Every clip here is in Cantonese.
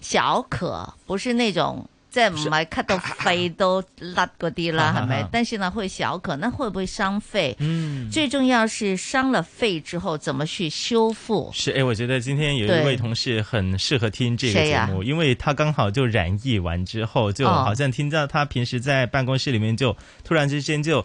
.小咳不是那種在買，即唔係咳到肺都甩嗰啲啦，係、啊、咪？但是呢，會小咳，那會不會傷肺？嗯，最重要是傷了肺之後，怎麼去修復？是哎，我覺得今天有一位同事很適合聽這個節目，啊、因為他剛好就染疫完之後，就好像聽到他平時在辦公室裏面就突然之間就。哦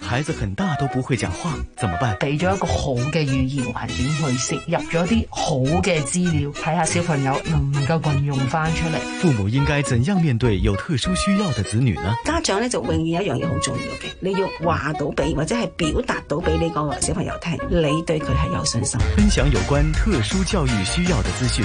孩子很大都不會講話，怎麼辦？給咗一個好嘅語言環境去攝入咗啲好嘅資料，睇下小朋友能唔能夠運用翻出嚟。父母應該點樣面對有特殊需要嘅子女呢？家長呢就永遠有一樣嘢好重要嘅，你要話到俾或者係表達到俾你個小朋友聽，你對佢係有信心。分享有關特殊教育需要嘅資訊。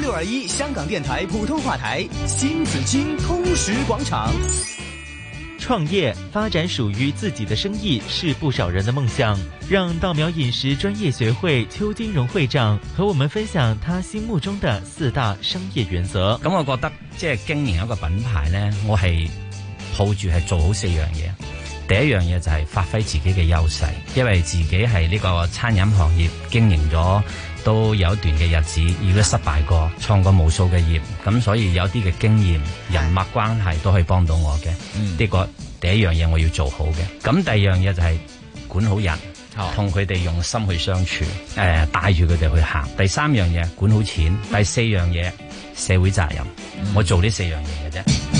六二一香港電台普通話台，新紫清通識廣場。創業發展屬於自己的生意是不少人的夢想。讓稻苗飲食專業學會邱金融會長和我們分享他心目中的四大商業原則。咁我覺得，即、就是、經營一個品牌呢，我係抱住係做好四樣嘢。第一樣嘢就係發揮自己嘅優勢，因為自己係呢個餐飲行業經營咗。都有一段嘅日子，而家失敗過，創過無數嘅業，咁所以有啲嘅經驗、人脈關係都可以幫到我嘅。呢、嗯、個第一樣嘢我要做好嘅。咁第二樣嘢就係管好人，同佢哋用心去相處，誒帶住佢哋去行。第三樣嘢管好錢，嗯、第四樣嘢社會責任，嗯、我做呢四樣嘢嘅啫。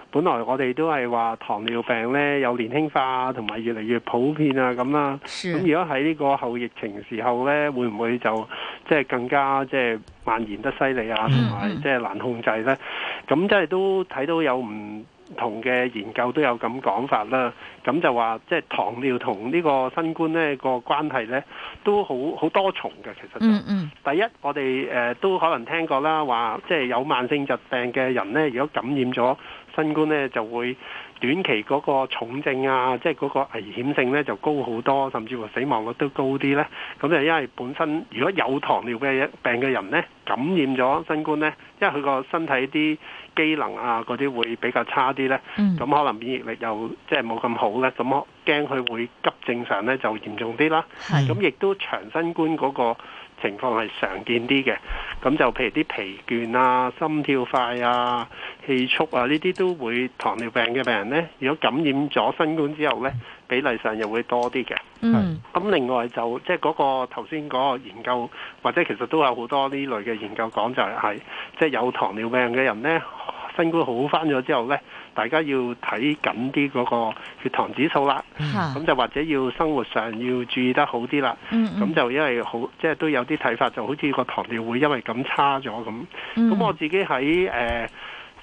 本來我哋都係話糖尿病呢，有年輕化同埋越嚟越普遍啊咁啦。咁、啊、的如果喺呢個後疫情時候呢，會唔會就即係、就是、更加即係、就是、蔓延得犀利啊，同埋即係難控制呢？咁即係都睇到有唔同嘅研究都有咁講法啦。咁就話即係糖尿同呢個新冠呢個關係呢，都好好多重嘅其實。嗯嗯。第一，我哋、呃、都可能聽過啦，話即係有慢性疾病嘅人呢，如果感染咗。新冠咧就會短期嗰個重症啊，即係嗰個危險性咧就高好多，甚至乎死亡率都高啲咧。咁就因為本身如果有糖尿嘅病嘅人咧，感染咗新冠咧，因為佢個身體啲機能啊嗰啲會比較差啲咧，咁、嗯、可能免疫力又即係冇咁好咧，咁驚佢會急症上咧就嚴重啲啦。咁亦的都長新冠嗰、嗰個。情況係常見啲嘅，咁就譬如啲疲倦啊、心跳快啊、氣促啊，呢啲都會糖尿病嘅病人呢。如果感染咗新冠之後呢，比例上又會多啲嘅。嗯，咁另外就即係嗰個頭先嗰個研究，或者其實都有好多呢類嘅研究講就係，即係有糖尿病嘅人呢，新冠好翻咗之後呢。大家要睇緊啲嗰個血糖指數啦，咁、嗯、就或者要生活上要注意得好啲啦。咁、嗯、就因為好，即、就、係、是、都有啲睇法，就好似個糖尿會因為咁差咗咁。咁我自己喺誒、呃、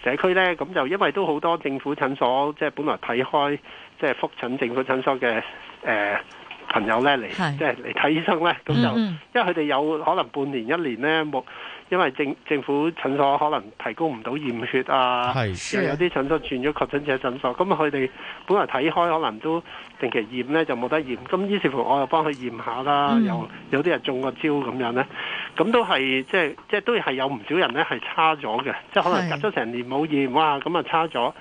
社區呢，咁就因為都好多政府診所，即、就、係、是、本來睇開，即係覆診政府診所嘅誒、呃、朋友呢嚟，即係嚟睇醫生呢。咁就、嗯、因為佢哋有可能半年一年呢。冇。因為政政府診所可能提供唔到驗血啊，又是有啲診所轉咗確診者診所，咁啊佢哋本嚟睇開可能都定期驗咧，就冇得驗，咁於是乎我又幫佢驗下啦，又、嗯、有啲人中個招咁樣咧，咁都係即係即係都係有唔少人咧係差咗嘅，即係可能隔咗成年冇驗，哇咁是啊差咗，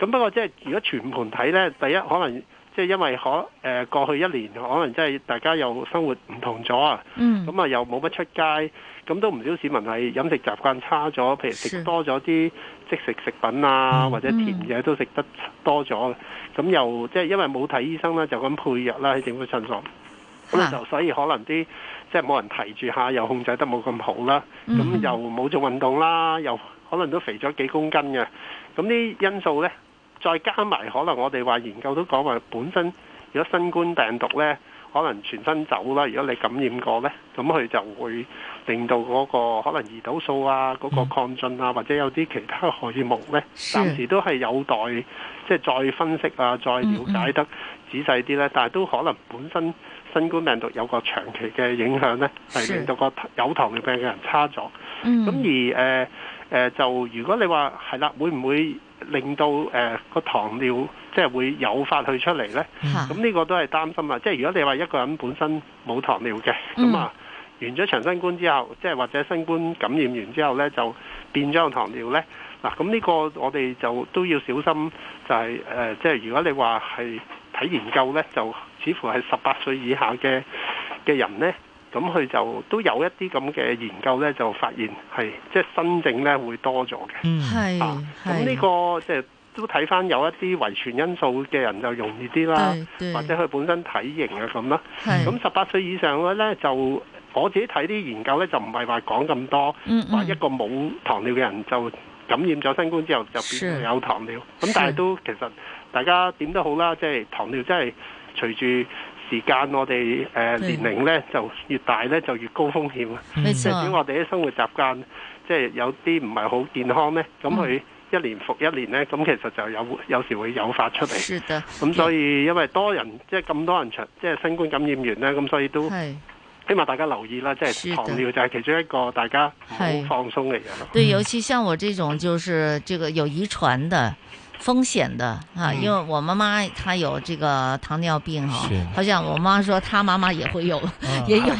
咁不過即係如果全盤睇咧，第一可能。即係因為可誒、呃、過去一年可能即係大家又生活唔同咗啊，咁啊、嗯、又冇乜出街，咁都唔少市民係飲食習慣差咗，譬如食多咗啲即食食品啊，是或者甜嘢都食得多咗，咁、嗯、又即係、就是、因為冇睇醫生啦，就咁配藥啦喺政府診所，咁就所以可能啲即係冇人提住下，又控制得冇咁好啦，咁、嗯、又冇做運動啦，又可能都肥咗幾公斤嘅，咁啲因素呢。再加埋可能我哋話研究都講話本身，如果新冠病毒咧，可能全身走啦。如果你感染過咧，咁佢就會令到嗰、那個可能胰島素啊、嗰、那個抗進啊，或者有啲其他荷爾蒙咧，暫時都係有待即係再分析啊、再了解得仔細啲咧。但係都可能本身新冠病毒有個長期嘅影響咧，係令到個有糖尿病嘅人差咗。咁、嗯嗯、而誒。呃誒、呃、就如果你話係啦，會唔會令到誒、呃那個糖尿即係會誘發佢出嚟呢？咁呢、mm hmm. 個都係擔心啊！即係如果你話一個人本身冇糖尿嘅，咁啊完咗長新冠之後，即係或者新冠感染完之後呢，就變咗糖尿呢。嗱、啊，咁呢個我哋就都要小心、就是，就係誒，即係如果你話係睇研究呢，就似乎係十八歲以下嘅嘅人呢。咁佢就都有一啲咁嘅研究咧，就發現係即係新症咧會多咗嘅。嗯嗯、啊，咁呢是、這個即係都睇返有一啲遺傳因素嘅人就容易啲啦，或者佢本身體型啊咁啦。咁十八歲以上嘅咧，就我自己睇啲研究咧，就唔係話講咁多，話、嗯、一個冇糖尿嘅人就感染咗新冠之後就變成有糖尿。咁是但係都其實大家點都好啦，即、就、係、是、糖尿即係隨住。時間我哋誒年齡咧就越大咧就越高風險啊！即係對、嗯、我哋啲生活習慣即係有啲唔係好健康咧，咁佢、嗯、一年復一年咧，咁其實就有有時會誘發出嚟。咁的所以因為多人即係咁多人即係新冠感染完咧，咁所以都希望的大家留意啦，即係糖尿就係其中一個大家唔好放鬆嘅嘢咯。對，尤其像我這種就是這個有遺傳的。風險的啊，因為我媽媽她有這個糖尿病啊，好像我媽說她媽媽也會有，也有，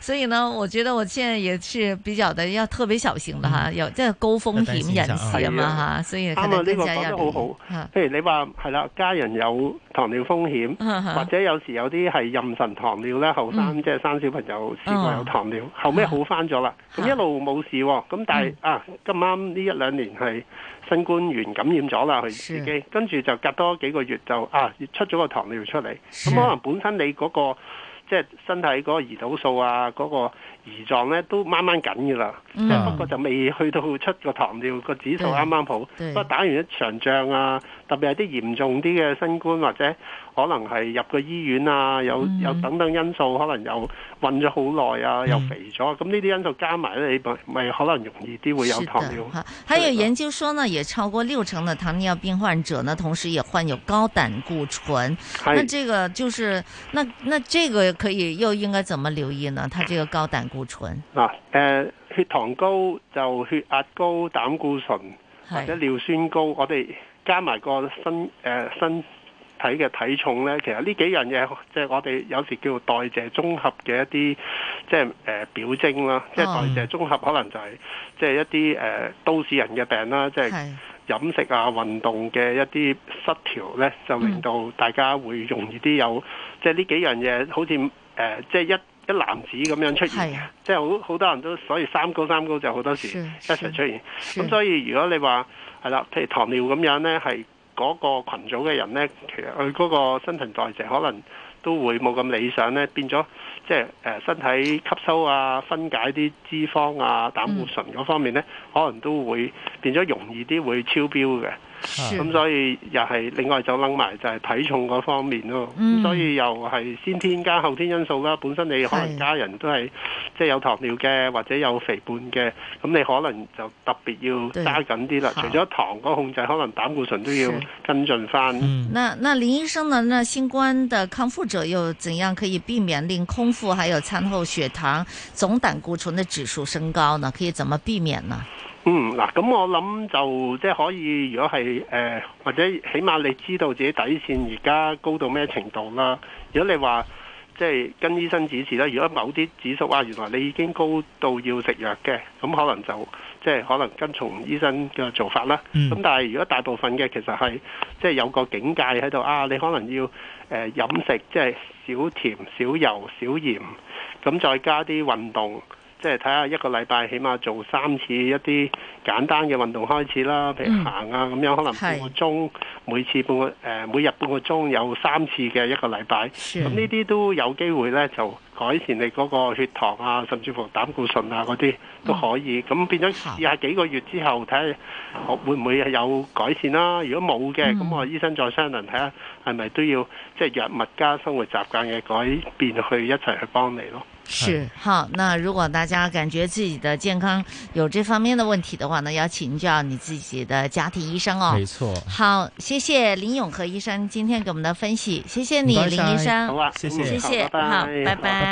所以呢，我覺得我現在也是比較的要特別小心的哈，有即係高風險人士嘛哈，所以可能更加要。啱啊，呢個講得好好。譬如你話係啦，家人有糖尿風險，或者有時有啲係妊娠糖尿咧，後生即係生小朋友試過有糖尿，後尾好翻咗啦，咁一路冇事喎，咁但係啊，咁啱呢一兩年係。新冠肺炎感染咗啦，佢自己是的 跟住就隔多幾個月就啊出咗個糖尿出嚟，咁是的 可能本身你嗰、嗰個即係身體嗰個胰島素啊，嗰、嗰個胰臟呢都掹掹緊噶啦，即係、mm hmm. 不過就未去到出個糖尿個指數啱啱好，yeah, yeah. 不過打完一場仗啊，特別係啲嚴重啲嘅新冠或者。可能係入個醫院啊，有有等等因素，嗯、可能又困咗好耐啊，嗯、又肥咗，咁呢啲因素加埋咧，你咪可能容易啲會有糖尿病。的的還有研究說呢，的也超過六成嘅糖尿病患者呢，同時也患有高膽固醇。係是。那這個就是，那那這個可以又應該怎麼留意呢？他這個高膽固醇。嗱、啊，誒、呃，血糖高就血壓高，膽固醇或者尿酸高，是我哋加埋個新誒新。呃睇嘅體重呢，其實呢幾樣嘢，即係我哋有時叫做代謝綜合嘅一啲，即係誒表徵啦。即係代謝綜合可能就係即係一啲誒都市人嘅病啦。即係飲食啊、運動嘅一啲失調呢，就令到大家會容易啲有，即係呢幾樣嘢好似誒，即係一一攬子咁樣出現。即係好好多人都所以三高三高就好多時一齊出現。咁所以如果你話係啦，譬如糖尿咁樣呢，係。嗰個羣組嘅人呢，其實佢嗰個新陳代謝可能都會冇咁理想呢，變咗，即係身體吸收啊、分解啲脂肪啊、膽固醇嗰方面呢，可能都會變咗容易啲會超標嘅。咁所以又係另外就掕埋就係體重嗰方面咯，咁所以又係先天加後天因素啦。本身你可能家人都係是即係有糖尿嘅，或者有肥胖嘅，咁你可能就特別要揸緊啲啦。除咗糖嗰控制，可能膽固醇都要跟進翻。嗯。那那林醫生呢？那新冠的康復者又怎樣可以避免令空腹還有餐後血糖總膽固醇的指數升高呢？可以怎麼避免呢？嗯，嗱，咁我諗就即係可以，如果係誒、呃、或者起碼你知道自己底線而家高到咩程度啦。如果你話即係跟醫生指示啦，如果某啲指數啊，原來你已經高到要食藥嘅，咁可能就即係可能跟從醫生嘅做法啦。咁、嗯、但係如果大部分嘅其實係即係有個警戒喺度啊，你可能要誒、呃、飲食即係少甜少油少鹽，咁再加啲運動。即係睇下一個禮拜起碼做三次一啲簡單嘅運動開始啦，譬如行啊咁樣，可能半個鐘，是每次半個誒、呃，每日半個鐘有三次嘅一個禮拜，咁呢啲都有機會咧就。改善你嗰個血糖啊，甚至乎膽固醇啊嗰啲都可以。咁、嗯、變咗試下幾個月之後睇下，看看會唔會有改善啦、啊？如果冇嘅，咁、嗯、我醫生再商量睇下，係咪都要即係、就是、藥物加生活習慣嘅改變去一齊去幫你咯。是好，那如果大家感覺自己的健康有這方面嘅問題嘅話呢，呢要請教你自己的家庭醫生哦。冇錯好，謝謝林永和醫生今天給我們的分析，謝謝你,謝謝你林醫生，好、啊，謝謝，好，拜拜。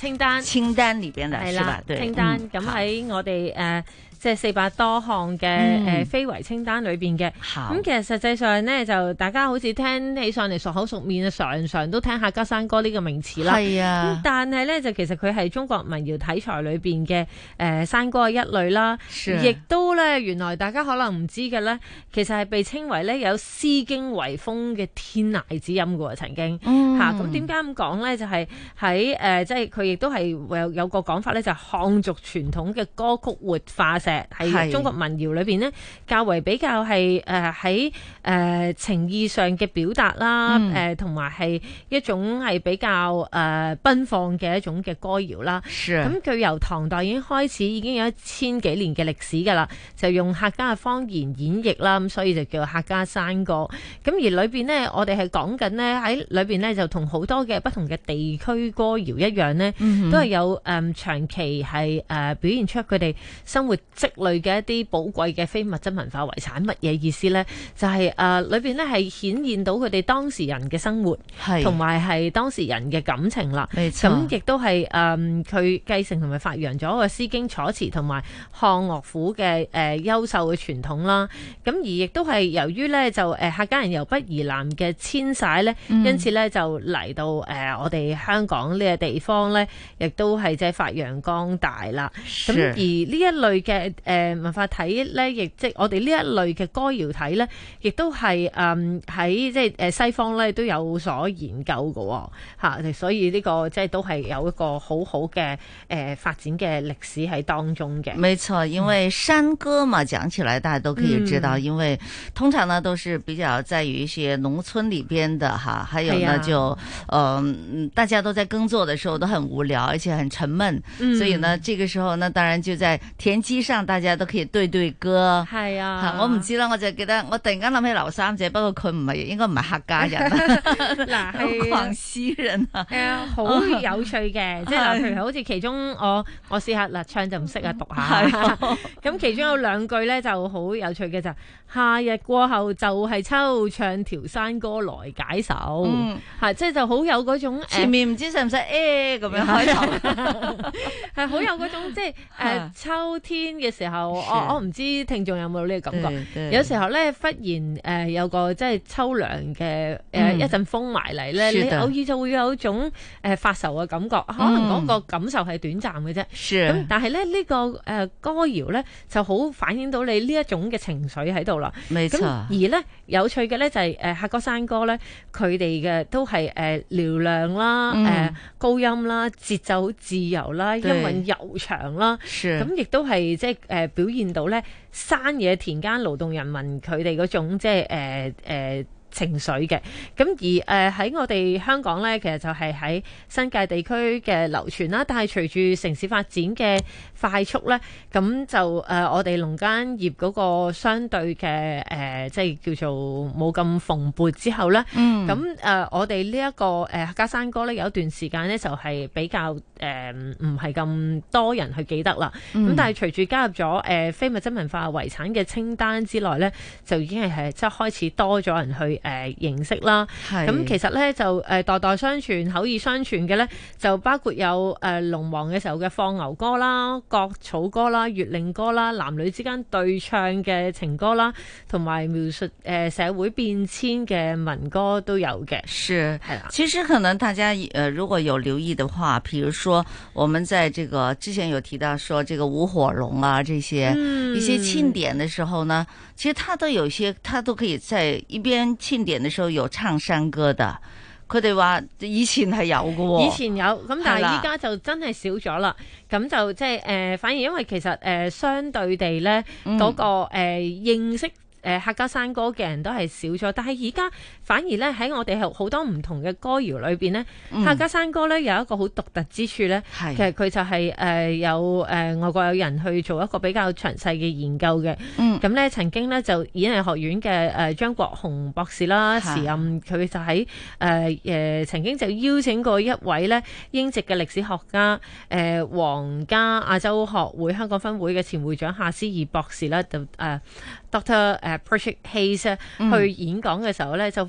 清單清單裏邊的係啦，是吧，對，清單咁喺、嗯、我哋誒。好 uh, 即係四百多項嘅誒、嗯呃、非遺清單裏邊嘅，咁好其實實際上呢，就大家好似聽起上嚟熟口熟面啊，常常都聽客家山歌呢個名詞啦。係啊，但係呢，就其實佢係中國民謠體裁裏邊嘅誒山歌嘅一類啦。亦、啊、都呢，原來大家可能唔知嘅呢，其實係被稱為呢有詩經遺風嘅天籟之音嘅喎、啊、曾經。嗯，咁點解咁講呢？就係喺誒即係佢亦都係有有個講法呢，就係漢族傳統嘅歌曲活化係中國民謠裏邊咧，較為比較係誒喺誒情意上嘅表達啦，誒同埋係一種係比較誒、呃、奔放嘅一種嘅歌謠啦。咁佢是由唐代已經開始已經有一千幾年嘅歷史㗎啦，就用客家嘅方言演繹啦，咁所以就叫客家山歌。咁而裏邊呢，我哋係講緊呢，喺裏邊呢，就同好多嘅不同嘅地區歌謠一樣呢，都係有誒、呃、長期係誒、呃、表現出佢哋生活。積累嘅一啲寶貴嘅非物質文化遺產，乜嘢意思呢？就係誒裏邊呢係顯現到佢哋當時人嘅生活，同埋係當時人嘅感情啦。咁亦錯都係誒佢繼承同埋發揚咗個《詩經》《楚辭》同埋漢樂府嘅誒、呃、優秀嘅傳統啦。咁、啊、而亦都係由於呢，就誒、呃、客家人由北而南嘅遷徙呢，嗯、因此呢，就嚟到誒、呃、我哋香港呢個地方呢，亦都係即係發揚光大啦。咁是而呢一類嘅。文化體咧，亦即我哋呢一類嘅歌謠體咧，亦都係嗯喺即係誒西方咧都有所研究嘅吓、哦，所以呢、這個即係都係有一個好好嘅誒發展嘅歷史喺當中嘅。冇錯，因為山歌嘛，嗯、講起來大家都可以知道，嗯、因為通常呢都是比較，在於一些農村裏邊的哈，還有呢、啊、就嗯、呃、大家都在工作的時候都很無聊，而且很沉悶，嗯、所以呢，這個時候呢當然就在田基上。大家都可以對對歌，係啊，我唔知啦，我就記得我突然間諗起劉三姐，不過佢唔係應該唔係客家人，嗱，廣西人啊，係啊，好有趣嘅，即係譬如好似其中我我試下嗱，唱就唔識啊，讀下，咁其中有兩句咧就好有趣嘅就夏日過後就係秋，唱條山歌來解愁，嚇，即係就好有嗰種前面唔知使唔使誒咁樣開頭，係好有嗰種即係誒秋天嘅。時候是、哦、我我唔知道聽眾有冇呢個感覺，有時候咧忽然誒、呃、有個即係秋涼嘅誒一陣風埋嚟咧，的你偶爾就會有一種誒、呃、發愁嘅感覺，可能嗰個感受係短暫嘅啫。咁、嗯嗯、但係咧呢、這個誒、呃、歌謠咧就好反映到你呢一種嘅情緒喺度啦。而咧。有趣嘅咧就係誒客家山歌咧，佢哋嘅都係誒嘹亮啦、誒、呃呃嗯、高音啦、節奏自由啦、音韻悠長啦，咁是亦都係即係誒表現到咧山野田間勞動人民佢哋嗰種即係誒誒情緒嘅。咁而誒喺、呃、我哋香港咧，其實就係喺新界地區嘅流傳啦，但係隨住城市發展嘅。快速咧，咁就誒、呃、我哋農間業嗰個相對嘅誒、呃，即係叫做冇咁蓬勃之後咧，咁誒、嗯呃、我哋呢一個誒客家、呃、山歌咧，有一段時間咧就係比較誒唔係咁多人去記得啦。咁、嗯、但係隨住加入咗誒、呃、非物質文化遺產嘅清單之內咧，就已經係即係開始多咗人去誒、呃、認識啦。咁是其實咧就誒、呃、代代相傳、口耳相傳嘅咧，就包括有誒農忙嘅時候嘅放牛歌啦。割草歌啦、月令歌啦、男女之間對唱嘅情歌啦，同埋描述誒社會變遷嘅民歌都有嘅。是係啦，的其實可能大家如果有留意的話，譬如說我們在這個之前有提到說，這個舞火龍啊，這些、嗯、一些慶典的時候呢，其實他都有些，他都可以在一邊慶典的時候有唱山歌的。佢哋話以前係有㗎喎、哦，以前有咁，但係依家就真係少咗啦。咁的就即係誒，反而因為其實誒、呃，相對地咧，嗰、嗯那個誒、呃、認識、呃、客家山歌嘅人都係少咗，但係而家。反而咧喺我哋係好多唔同嘅歌謠裏邊咧，客家山歌咧有一個好獨特之處咧。係、嗯、其實佢就係、是、誒、呃、有誒、呃、外國友人去做一個比較詳細嘅研究嘅。咁咧、嗯、曾經咧就演藝學院嘅誒張國雄博士啦，時任佢就喺誒誒曾經就邀請過一位咧英籍嘅歷史學家誒皇、呃、家亞洲學會香港分會嘅前會長夏思義博士咧，就、啊、誒 Doctor 誒 Patrick Hase 去演講嘅時候咧、嗯、就。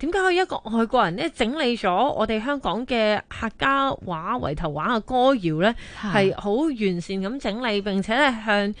點解可以一個外國人咧整理咗我哋香港嘅客家話圍頭話嘅歌謠咧，係好完善咁整理，並且咧向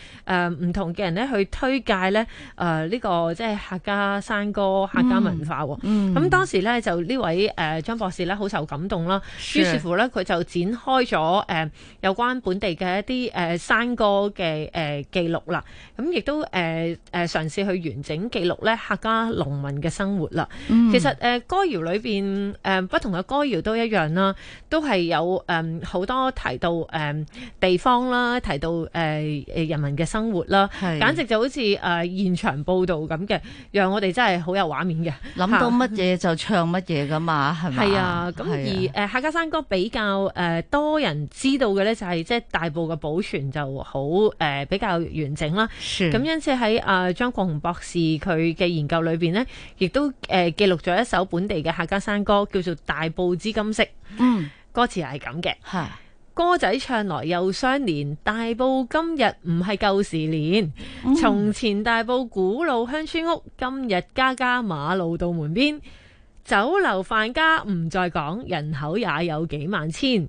誒唔同嘅人咧去推介咧誒呢個即係客家山歌、客家文化。咁、嗯嗯、當時咧就呢位誒張博士咧好受感動啦，是於是乎咧佢就展開咗誒有關本地嘅一啲誒山歌嘅誒記錄啦，咁亦都誒誒嘗試去完整記錄咧客家農民嘅生活啦。嗯其實誒歌謠裏邊誒不同嘅歌謠都一樣啦，都係有誒好多提到誒地方啦，提到誒誒人民嘅生活啦，是簡直就好似誒現場報道咁嘅，讓我哋真係好有畫面嘅。諗到乜嘢就唱乜嘢噶嘛，係咪係啊，咁而誒客家山歌比較誒多人知道嘅咧，就係即係大埔嘅保存就好誒比較完整啦。咁是因此喺誒張國雄博士佢嘅研究裏邊咧，亦都誒記錄咗。有一首本地嘅客家山歌叫做《大埔之金色》，歌詞係咁嘅，歌仔唱來又相連，大埔今日唔係舊時年，從前大埔古老鄉村屋，今日家家馬路到門邊，酒樓飯家唔再講，人口也有幾萬千。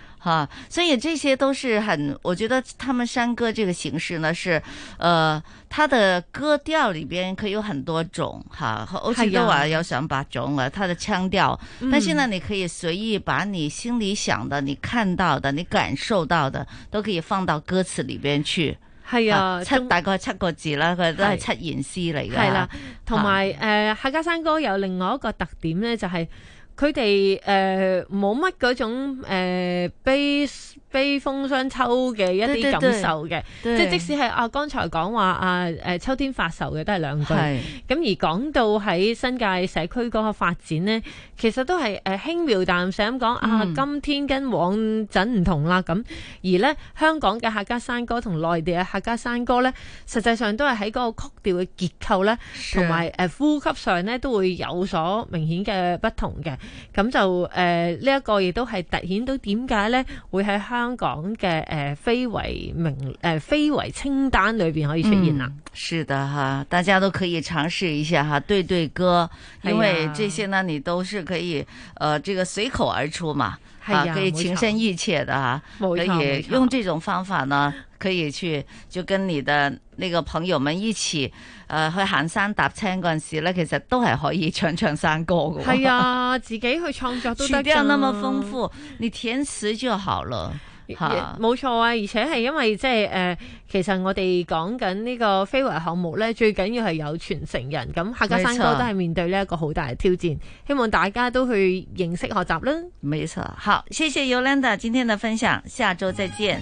哈，所以這些都是很，我覺得他們山歌這個形式呢是，呃，他的歌調裏邊可以有很多種哈。和歐吉多瓦有想八種啊，他的腔調。但是呢，嗯、你可以隨意把你心裏想的、你看到的、你感受到的，都可以放到歌詞裏邊去。是啊，七大概七個字啦，佢、啊、都係七言詩嚟嘅。係啦、啊，同埋誒，客、啊、家山歌有另外一個特點呢，就係、是。佢哋呃冇乜嗰種呃 base. 悲風傷秋嘅一啲感受嘅，即係即使係啊，剛才講話啊，誒秋天發愁嘅都係兩句。咁是而講到喺新界社區嗰個發展呢，其實都係誒輕描淡寫咁講啊，今天跟往陣唔同啦。咁而呢，香港嘅客家山歌同內地嘅客家山歌呢，實際上都係喺嗰個曲調嘅結構呢，同埋是呼吸上呢都會有所明顯嘅不同嘅。咁就誒呢一個亦都係突顯到點解呢會喺香香港嘅誒、呃、非遺名誒、呃、非遺清單裏邊可以出現啊、嗯？是的哈，大家都可以嘗試一下哈，對對歌，因為這些呢呀你都是可以、呃，這個隨口而出嘛，呀啊可以情深意切的哈，錯可以用這種方法呢，可以去就跟你的那個朋友們一起，誒、呃、去行山搭車嗰陣時呢，其實都係可以唱唱山歌噶。係啊呀， 自己去創作都得，詞又那麼豐富， 你填詞就好了。吓，冇錯啊！而且係因為即係誒，其實我哋講緊呢個非遺項目咧，最緊要係有傳承人。咁客家山歌都係面對呢一個好大嘅挑戰，冇錯，希望大家都去認識學習啦。冇錯，好，謝謝 Yolanda 今天的分享，下周再見。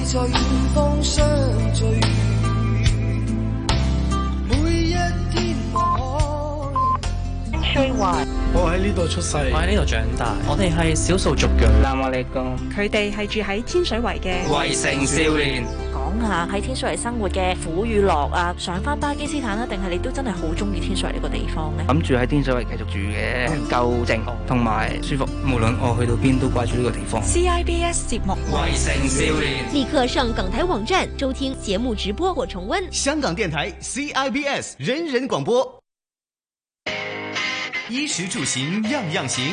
天水圍，在遠方相聚每一天。我喺呢度出世，我喺呢度長大，我哋係少數族裔，南亞嚟噶，佢哋係住喺天水圍嘅圍城少年。講下喺天水圍生活嘅苦與樂啊，上翻巴基斯坦啊，定係你都真係好中意天水圍呢個地方呢？諗住喺天水圍繼續住嘅，哦、夠正同埋舒服，嗯、無論我去到邊都掛住呢個地方。CIBS 節目，維城少年，立刻上港台網站收聽節目直播或重温。香港電台 CIBS 人人廣播，衣食住行樣樣行。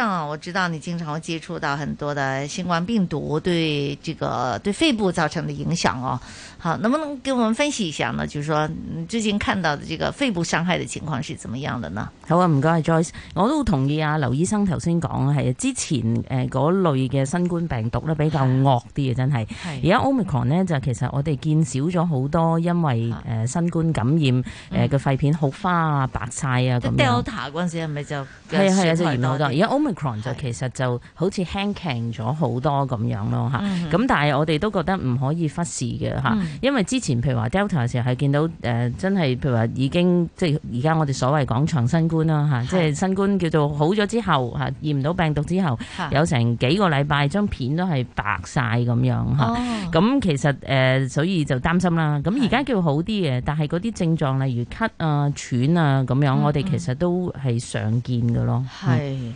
我知道你經常會接觸到很多的新冠病毒對這個對肺部造成的影響哦。好，能不能給我們分析一下呢？就是說你最近看到的這個肺部傷害的情況是怎麼樣的呢？好啊，唔該，Joyce，我都同意啊，劉醫生頭先講係之前誒嗰類嘅新冠病毒咧比較惡啲啊，真係。而家是 omicron 咧就其實我哋見少咗好多，因為誒新冠感染誒個肺片好花白啊白晒啊咁 Delta 嗰陣時係咪就係啊係啊就嚴好多，而家就其實就好似輕強咗好多咁樣咯吓，咁、嗯、哼但係我哋都覺得唔可以忽視嘅吓，嗯、因為之前譬如話 Delta 嘅時候係見到誒、呃、真係譬如話已經即係而家我哋所謂講長新冠啦吓、啊，即係新冠叫做好咗之後吓驗唔到病毒之後、啊、有成幾個禮拜張片都係白晒咁樣吓，咁、啊哦、其實誒、呃、所以就擔心啦，咁而家叫好啲嘅，是但係嗰啲症狀例如咳啊、喘啊咁樣，嗯嗯我哋其實都係常見嘅咯，係是。嗯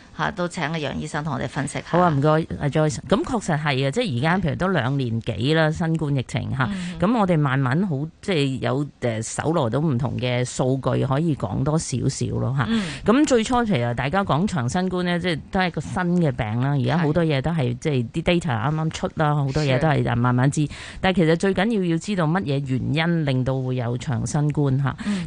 都請阿楊醫生同我哋分析下。好啊，唔該，阿、嗯、Joyce。咁確實係啊，即係而家譬如都兩年幾啦，新冠疫情咁、嗯、哼我哋慢慢好，即係有誒搜羅到唔同嘅數據，可以講多少少咯，咁最初其實大家講長新冠咧，即係都係個新嘅病啦。而家好多嘢都係即係啲 data 啱啱出啦，好多嘢都係慢慢知。是但係其實最緊要要知道乜嘢原因令到會有長新冠。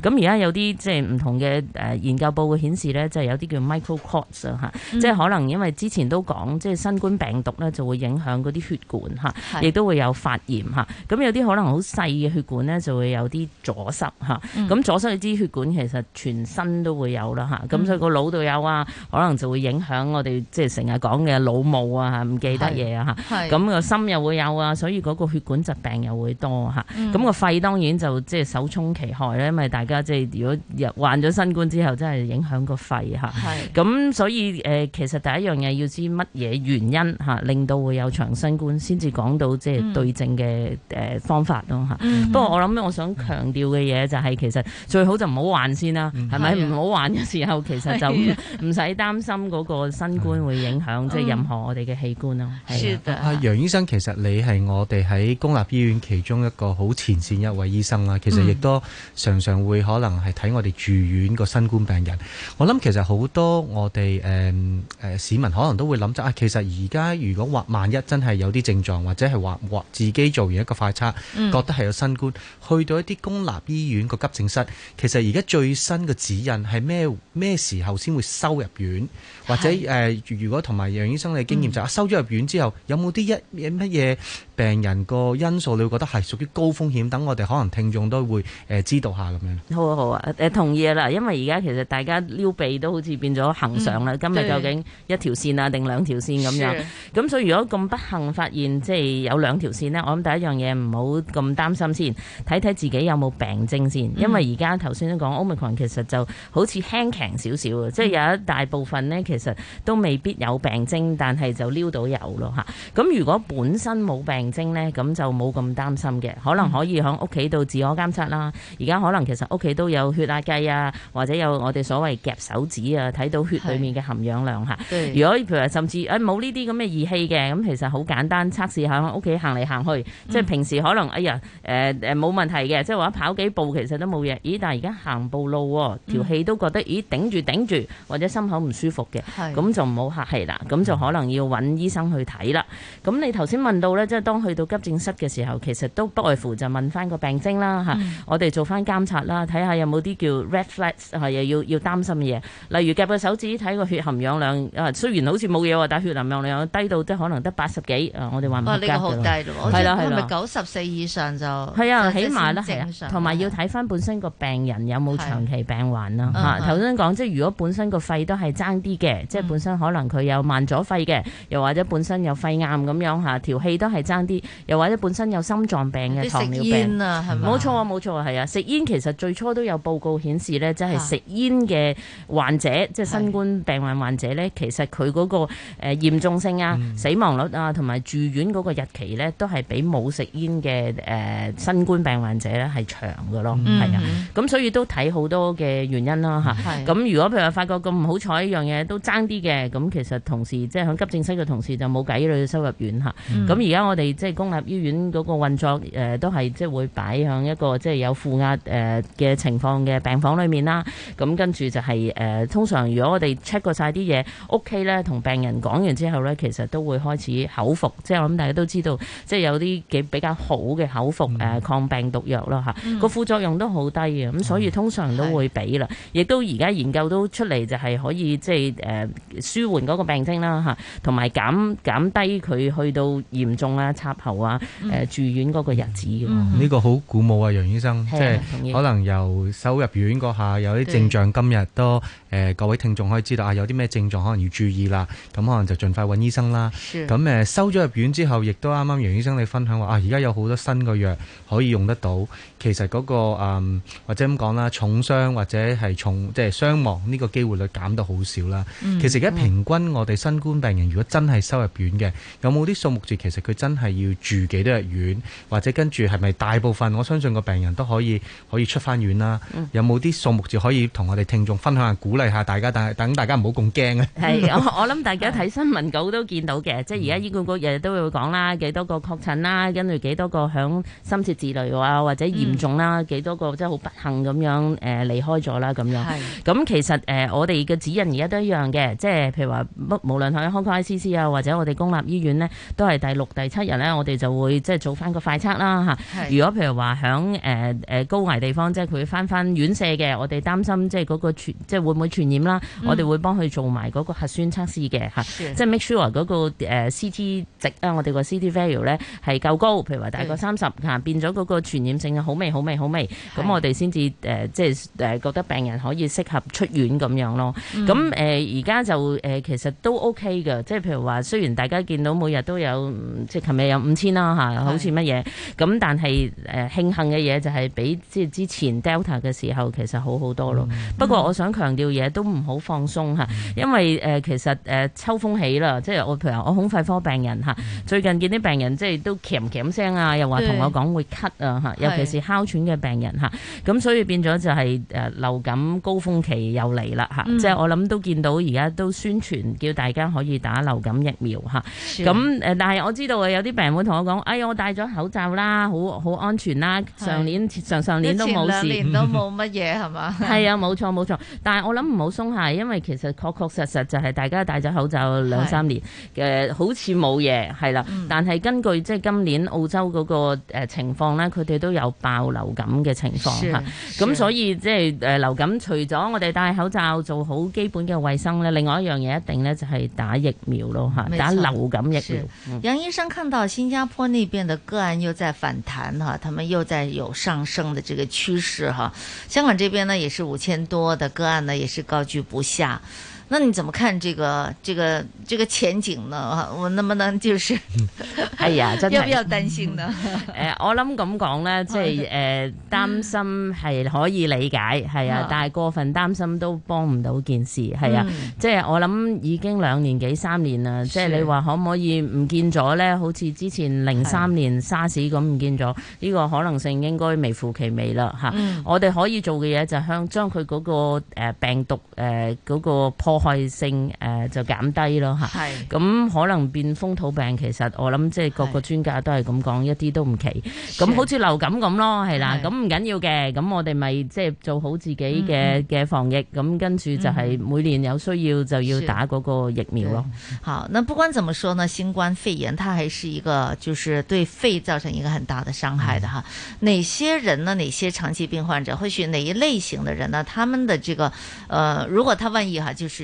咁而家有啲即係唔同嘅研究報告顯示咧，就係、有啲叫 microclots 嗯、即係可能因為之前都講，即係新冠病毒咧就會影響嗰啲血管吓，亦都是會有發炎吓。咁有啲可能好細嘅血管咧就會有啲阻塞吓。咁、嗯、阻塞支血管其實全身都會有啦吓。咁、嗯、所以個腦度有啊，可能就會影響我哋即係成日講嘅腦霧啊，唔記得嘢啊吓。咁個心又會有啊，所以嗰個血管疾病又會多吓。咁個、嗯、肺當然就即係首衝其害啦，因為大家即係如果患咗新冠之後真，真係影響個肺吓。咁所以。誒、呃，其實第一樣嘢要知乜嘢原因嚇、啊，令到會有長新冠，先至講到即係對症嘅誒方法咯嚇。啊嗯、不過我諗我想強調嘅嘢就係、是，嗯、其實最好就唔好患先啦，係咪、嗯？唔好患嘅時候，其實就唔使擔心嗰個新冠會影響即係任何我哋嘅器官咯。係啊、嗯，的楊醫生，其實你係我哋喺公立醫院其中一個好前線一位醫生啦。其實亦都常常會可能係睇我哋住院個新冠病人。我諗其實好多我哋誒。呃嗯，市民可能都會諗咗啊，其實而家如果話萬一真係有啲症狀，或者係話自己做完一個快測，覺得係有新冠。去到一啲公立醫院個急症室，其實而家最新嘅指引係咩咩時候先會收入院？或者誒，如果同埋楊醫生嘅經驗就收咗入院之後，有冇啲一乜嘢病人個因素，你會覺得係屬於高風險？等我哋可能聽眾都會誒知道下咁樣。好啊好啊誒，同意啊啦，因為而家其實大家撩鼻都好似變咗恆常啦。今日究竟一條線啊定兩條線咁樣？咁所以如果咁不幸發現即係有兩條線呢，我諗第一樣嘢唔好咁擔心先。睇睇自己有冇病徵先，因為而家頭先都講 Omicron 其實就好似輕強少少，即係有一大部分呢，其實都未必有病徵，但係就撩到有咯嚇。咁如果本身冇病徵呢，咁就冇咁擔心嘅，可能可以喺屋企度自我監測啦。而家可能其實屋企都有血壓計啊，或者有我哋所謂夾手指啊，睇到血裡面嘅含氧量嚇。如果譬如甚至誒冇呢啲咁嘅儀器嘅，咁其實好簡單測試下，喺屋企行嚟行去，即係平時可能哎呀誒誒冇題嘅，即係話跑幾步其實都冇嘢。咦，但係而家行步路喎，條氣都覺得咦，頂住頂住，或者心口唔舒服嘅，咁的就唔好客氣啦。咁就可能要揾醫生去睇啦。咁你頭先問到咧，即係當去到急症室嘅時候，其實都不外乎就問翻個病徵啦吓，嗯、我哋做翻監察啦，睇下有冇啲叫 red flags 係又要要擔心嘅嘢，例如夾個手指睇個血含氧量啊。雖然好似冇嘢喎，但血含氧量低到即係可能得八十幾啊，我哋話唔夾到。哇，個好低係啦，九十四以上就係啊，喺。係同埋要睇翻本身個病人有冇長期病患啦。吓是，頭先講即係如果本身個肺都係爭啲嘅，即係本身可能佢有慢阻肺嘅，又或者本身有肺癌咁樣吓，調氣都係爭啲，又或者本身有心臟病嘅，糖尿病煙啊，係嘛？冇錯啊，冇錯啊，係啊，食煙其實最初都有報告顯示咧，即係食煙嘅患者，即係新冠病患患者咧，是其實佢嗰個誒嚴重性啊、死亡率啊，同埋住院嗰個日期咧，都係比冇食煙嘅誒新冠病毒患者咧係長嘅咯，係、嗯、啊，咁、嗯、所以都睇好多嘅原因啦吓，咁、嗯、如果譬如話發覺咁唔好彩一樣嘢，都爭啲嘅。咁其實同時即係響急症室嘅同事就冇計呢類嘅收入院吓，咁而家我哋即係公立醫院嗰個運作誒、呃，都係即係會擺響一個即係有負壓誒嘅情況嘅病房裏面啦。咁跟住就係、是、誒、呃，通常如果我哋 check 過晒啲嘢 OK 咧，同病人講完之後咧，其實都會開始口服，即係我諗大家都知道，即係有啲幾比較好嘅口服誒、呃、抗病毒。毒藥咯嚇，個副作用都好低嘅，咁、嗯、所以通常都會俾啦。亦、嗯、都而家研究都出嚟，就係可以即係誒舒緩嗰個病徵啦嚇，同埋減減低佢去到嚴重啊插喉啊誒住院嗰個日子。呢、嗯嗯、個好鼓舞啊，楊醫生，的即係可能由收入院嗰下有啲症狀。對今日都誒、呃、各位聽眾可以知道啊，有啲咩症狀可能要注意啦，咁可能就盡快揾醫生啦。咁誒是、呃、收咗入院之後，亦都啱啱楊醫生你分享話啊，而家有好多新嘅藥可以用得到。到其實嗰個誒或者咁講啦，重傷或者係重即係傷亡呢個機會率減到好少啦。其實而家平均我哋新冠病人如果真係收入院嘅，有冇啲數目字？其實佢真係要住幾多日院，或者跟住係咪大部分？我相信個病人都可以可以出返院啦。有冇啲數目字可以同我哋聽眾分享下，鼓勵下大家，但係等大家唔好咁驚啊！係我我諗大家睇新聞稿都見到嘅，即係而家醫管局日日都會講啦，幾多個確診啦，跟住幾多個響深切治療嘅話，或者嚴重啦，幾、嗯、多個即係好不幸咁樣誒離開咗啦咁樣。係是，咁其實誒、呃、我哋嘅指引而家都一樣嘅，即係譬如話，冇無論喺康科 I C C 啊，或者我哋公立醫院呢，都係第六、第七日呢，我哋就會即係做翻個快測啦嚇。啊、是如果譬如話響誒誒高危地方，即係佢翻翻院舍嘅，我哋擔心即係嗰、嗰個即係會唔會傳染啦？嗯、我哋會幫佢做埋嗰個核酸測試嘅嚇，即係 make sure 嗰個 C T 值啊，是 CT 值我哋個 C T value 咧係夠高，譬如話大過三十啊，變咗嗰個傳染，染性好微、好微、好微。咁我哋先至即係誒覺得病人可以適合出院咁樣咯。咁而家就其實都 OK 嘅，即係譬如話，雖然大家見到每日都有，即係琴日有五千啦嚇，好似乜嘢咁，的嗯、但係誒慶幸嘅嘢就係比即係之前 Delta 嘅時候其實好好多咯。的嗯、不過我想強調嘢都唔好放鬆嚇，因為其實秋風起啦，即係我譬如話我胸肺科病人最近見啲病人即係都咳咳聲啊，又話同我講會咳啊。尤其是哮喘嘅病人嚇，咁是、啊、所以變咗就係誒流感高峰期又嚟啦嚇，嗯、即係我諗都見到而家都宣傳叫大家可以打流感疫苗嚇，咁誒算、啊、但係我知道誒有啲病人會同我講，哎呀我戴咗口罩啦，好好安全啦，上年是上上年都冇事，前兩年都冇乜嘢係嘛？係 啊，冇錯，冇錯。但係我諗唔好鬆懈，因為其實確確實實就係大家戴咗口罩兩三年嘅是、啊，好似冇嘢係啦，是啊嗯、但係根據即係今年澳洲嗰個誒情況咧，佢哋。佢都有爆流感嘅情況哈，咁所以即係誒流感除咗我哋戴口罩做好基本嘅衛生咧，另外一樣嘢一定咧就係打疫苗咯吓，冇錯。打流感疫苗。楊醫生看到新加坡那邊的個案又在反彈哈，嗯、他們又在有上升的這個趨勢哈，香港這邊呢也是五千多的個案呢也是高居不下。那你怎麼看這個、這個、這個前景呢？我能不能就是， 哎呀，真係要不要擔心呢？誒、 呃，我諗咁講咧，即係誒擔心係可以理解，係啊，嗯、但係過分擔心都幫唔到件事，係啊。嗯、即係我諗已經兩年幾三年啦，是即係你話可唔可以唔見咗咧？好似之前零三年沙士咁唔見咗，呢個可能性應該微乎其微啦，吓、嗯啊。我哋可以做嘅嘢就向將佢嗰個誒病毒誒嗰、呃嗰個破破壞性誒、呃、就減低咯吓，咁是、嗯、可能變風土病，其實我諗即係各個專家都係咁講，是一啲都唔奇。咁是好似流感咁咯，係啦，咁唔緊要嘅，咁我哋咪即係做好自己嘅嘅防疫，咁跟住就係每年有需要就要打嗰個疫苗咯。好，那不管怎麼說呢，新冠肺炎它還是一個，就是對肺造成一個很大的傷害的哈。是哪些人呢？哪些長期病患者？或許哪一類型的人呢？他們的這個，呃，如果他萬一哈，就是。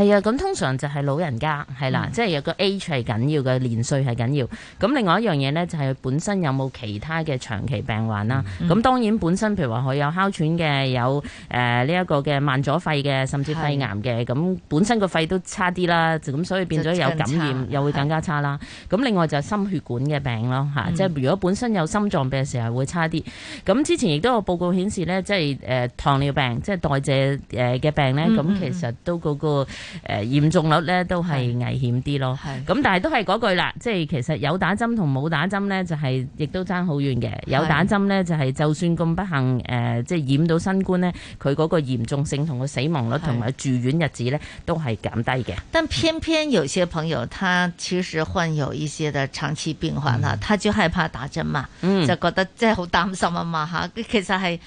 係啊，咁通常就係老人家係啦，即係有個 age 係緊要嘅，年歲係緊要。咁另外一樣嘢咧，就係本身有冇其他嘅長期病患啦。咁、嗯、當然本身譬如話佢有哮喘嘅，有誒呢一個嘅慢阻肺嘅，甚至肺癌嘅。咁是本身個肺都差啲啦，咁所以變咗有感染又會更加差啦。咁、嗯嗯、另外就係心血管嘅病咯，嗯、即係如果本身有心臟病嘅時候會差啲。咁之前亦都有報告顯示咧，即係、呃、糖尿病即係代謝嘅病咧，咁、嗯、其實都嗰個。誒、呃、嚴重率咧都係危險啲咯，咁但係都係嗰句啦，即係其實有打針同冇打針咧，就係、是、亦都爭好遠嘅。有打針咧，就係、是、就算咁不幸、呃、即係染到新冠咧，佢嗰個嚴重性同個死亡率同埋住院日子咧，都係減低嘅。但偏偏有些朋友，他其實患有一些嘅長期病患，他、嗯、他就害怕打針嘛，嗯、就覺得即係好擔心嘛嚇，其實係。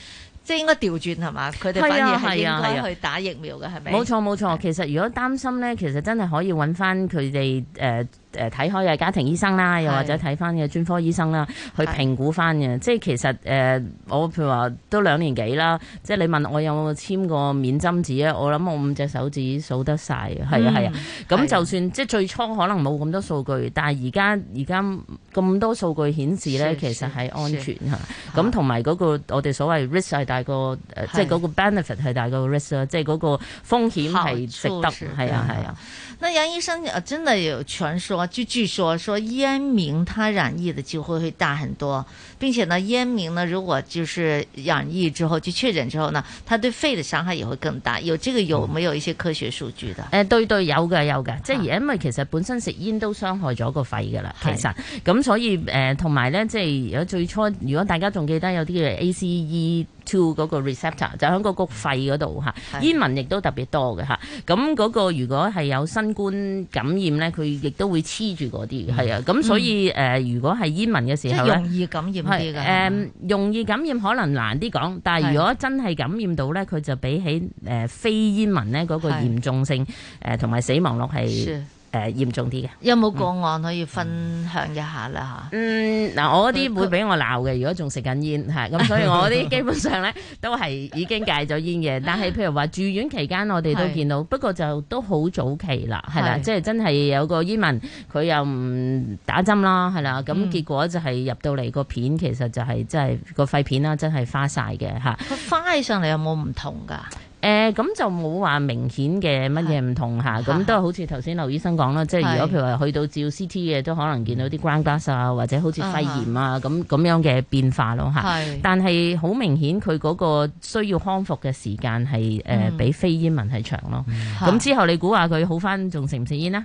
即係應該調轉係嘛？佢哋反而係應該去打疫苗嘅係咪？係啊、係啊、冇錯冇錯，其實如果擔心咧，其實真係可以搵翻佢哋誒。呃誒睇開嘅家庭醫生啦，又或者睇翻嘅專科醫生啦，去評估翻嘅，即係其實誒，我譬如話都兩年幾啦，即係你問我有冇簽過免針紙啊？我諗我五隻手指數得曬，係啊係啊。咁就算即係最初可能冇咁多數據，但係而家而家咁多數據顯示咧，其實係安全嚇。咁同埋嗰個我哋所謂 risk 係大過，即係嗰個 benefit 係大過 risk 啦，即係嗰個風險係值得，係啊係啊。那楊醫生真係有傳說。據據說，說煙民他染疫的機會會大很多，並且呢，煙民呢，如果就是染疫之後就確診之後呢，他對肺的傷害也會更大。有這個有沒有一些科學數據的？誒、嗯呃，對對，有嘅有嘅，即係、啊、因為其實本身食煙都傷害咗個肺噶啦，是其實咁、嗯、所以誒，同埋咧，即係如果最初如果大家仲記得，記得有啲嘅 ACE two 嗰個 receptor 就響個肺嗰度吓，煙、啊、是民亦都特別多嘅吓，咁、啊嗯嗰個如果係有新冠感染咧，佢亦都會。黐住嗰啲嘅，係啊，咁、嗯、所以誒、嗯呃，如果係煙民嘅時候，容易感染啲嘅。誒，容易感染可能難啲講，但係如果真係感染到咧，佢是的 就比起誒、呃、非煙民咧嗰個嚴重性誒同埋死亡率係。是誒、呃、嚴重啲嘅，有冇個案可以分享一下啦？嚇，嗯，嗱，我啲會俾我鬧嘅，如果仲食緊煙，係咁，所以我啲基本上咧 都係已經戒咗煙嘅。但係譬如話住院期間，我哋都見到，是不過就都好早期啦，係啦，是即係真係有個煙民，佢又唔打針啦，係啦，咁結果就係入到嚟個片其實就係真係個肺片啦，真係花晒嘅。佢花曬上嚟有冇唔同㗎？誒咁就冇話明顯嘅乜嘢唔同嚇，咁都係好似頭先劉醫生講啦，即係如果譬如話去到照 CT 嘅，都可能見到啲 Ground Glass，或者好似肺炎啊咁咁樣嘅變化咯嚇。但係好明顯佢嗰個需要康復嘅時間係誒比非煙民係長咯。咁之後你估下，佢好翻仲食唔食煙咧？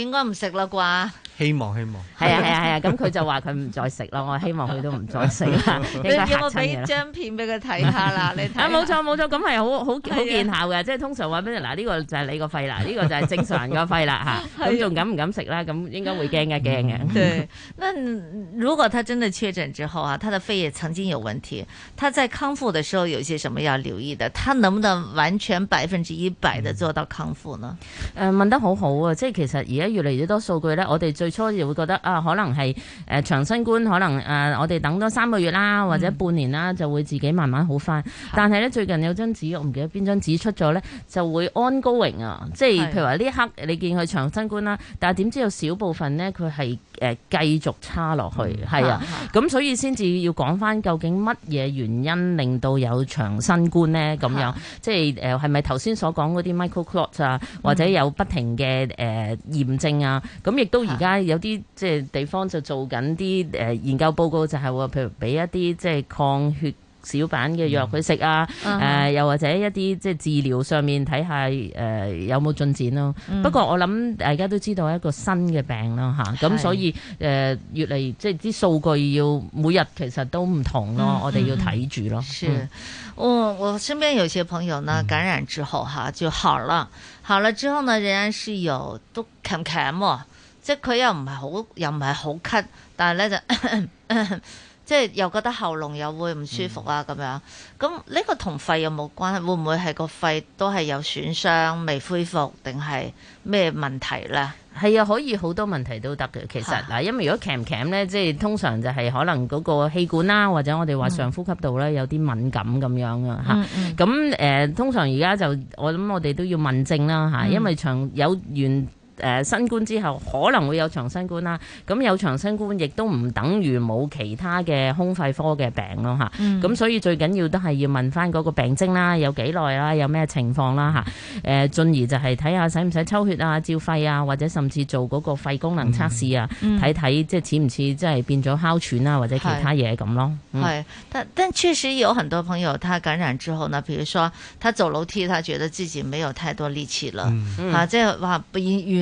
應該唔食啦啩，希望希望，係啊係啊係啊，咁佢、啊啊、 就話佢唔再食啦，我希望佢都唔再食 啦。 你叫我俾張片俾佢睇下啦，你睇啊冇錯冇錯，咁係好好好見效嘅，啊、即係通常話俾你嗱呢個就係你個肺啦，呢、呢個就係正常人個肺啦嚇，咁仲、 啊、敢唔敢食咧？咁應該會驚一驚嘅。對，那如果他真的確診之後啊，他的肺也曾經有問題，他在康復的時候有些什麼要留意的？他能不能完全百分之一百的做到康復呢？誒、嗯呃，問得好好啊，即係其實而家。越嚟越多數據咧，我哋最初就會覺得啊，可能係誒、呃、長新冠，可能誒、呃、我哋等多三個月啦，或者半年啦，嗯、就會自己慢慢好翻。但係咧，最近有張紙，我唔記得邊張紙出咗咧，就會 on-going、呃嗯、啊，即係譬如話呢一刻你見佢長新冠啦，但係點知有少部分咧佢係誒繼續差落去，係啊，咁所以先至要講翻究竟乜嘢原因令到有長新冠咧咁樣，啊、即係誒係咪頭先所講嗰啲 microclots 啊，或者有不停嘅誒嚴症啊，咁亦都而家有啲即係地方就做緊啲誒研究報告，就係話譬如俾一啲即係抗血小版嘅藥佢食啊，誒、嗯呃、又或者一啲即係治療上面睇下，誒有冇進展咯。嗯、不過我諗大家都知道一個新嘅病啦嚇，咁所以誒越嚟即係啲數據要每日其實都唔同咯，我哋要睇住咯。是，嗯、我身邊有些朋友呢，感染之後哈就好了，嗯、好了之後呢仍然是有都咳咳，即係佢又唔係好又唔係好咳，但係咧就咳咳。即係又覺得喉嚨又會唔舒服啊咁、嗯、樣，咁呢個同肺有冇關係？會唔會係個肺都係有損傷，未恢復定係咩問題咧？係啊，可以好多問題都得嘅。其實嗱，的因為如果咳唔咳咧，即係通常就係可能嗰個氣管啦，或者我哋話上呼吸道咧有啲敏感咁、嗯嗯、樣嘅嚇。咁誒，通常而家就我諗我哋都要問症啦嚇，因為長有完。誒新冠之後可能會有長新冠啦，咁有長新冠亦都唔等於冇其他嘅胸肺科嘅病咯嚇，咁、嗯、所以最緊要都係要問翻嗰個病徵啦，有幾耐啦，有咩情況啦嚇，誒進而就係睇下使唔使抽血啊、照肺啊，或者甚至做嗰個肺功能測試啊，睇睇即係似唔似即係變咗哮喘啊或者其他嘢咁咯。係是、嗯，但但確實有很多朋友，他感染之後呢，譬如說他走樓梯，他覺得自己沒有太多力氣了，即係話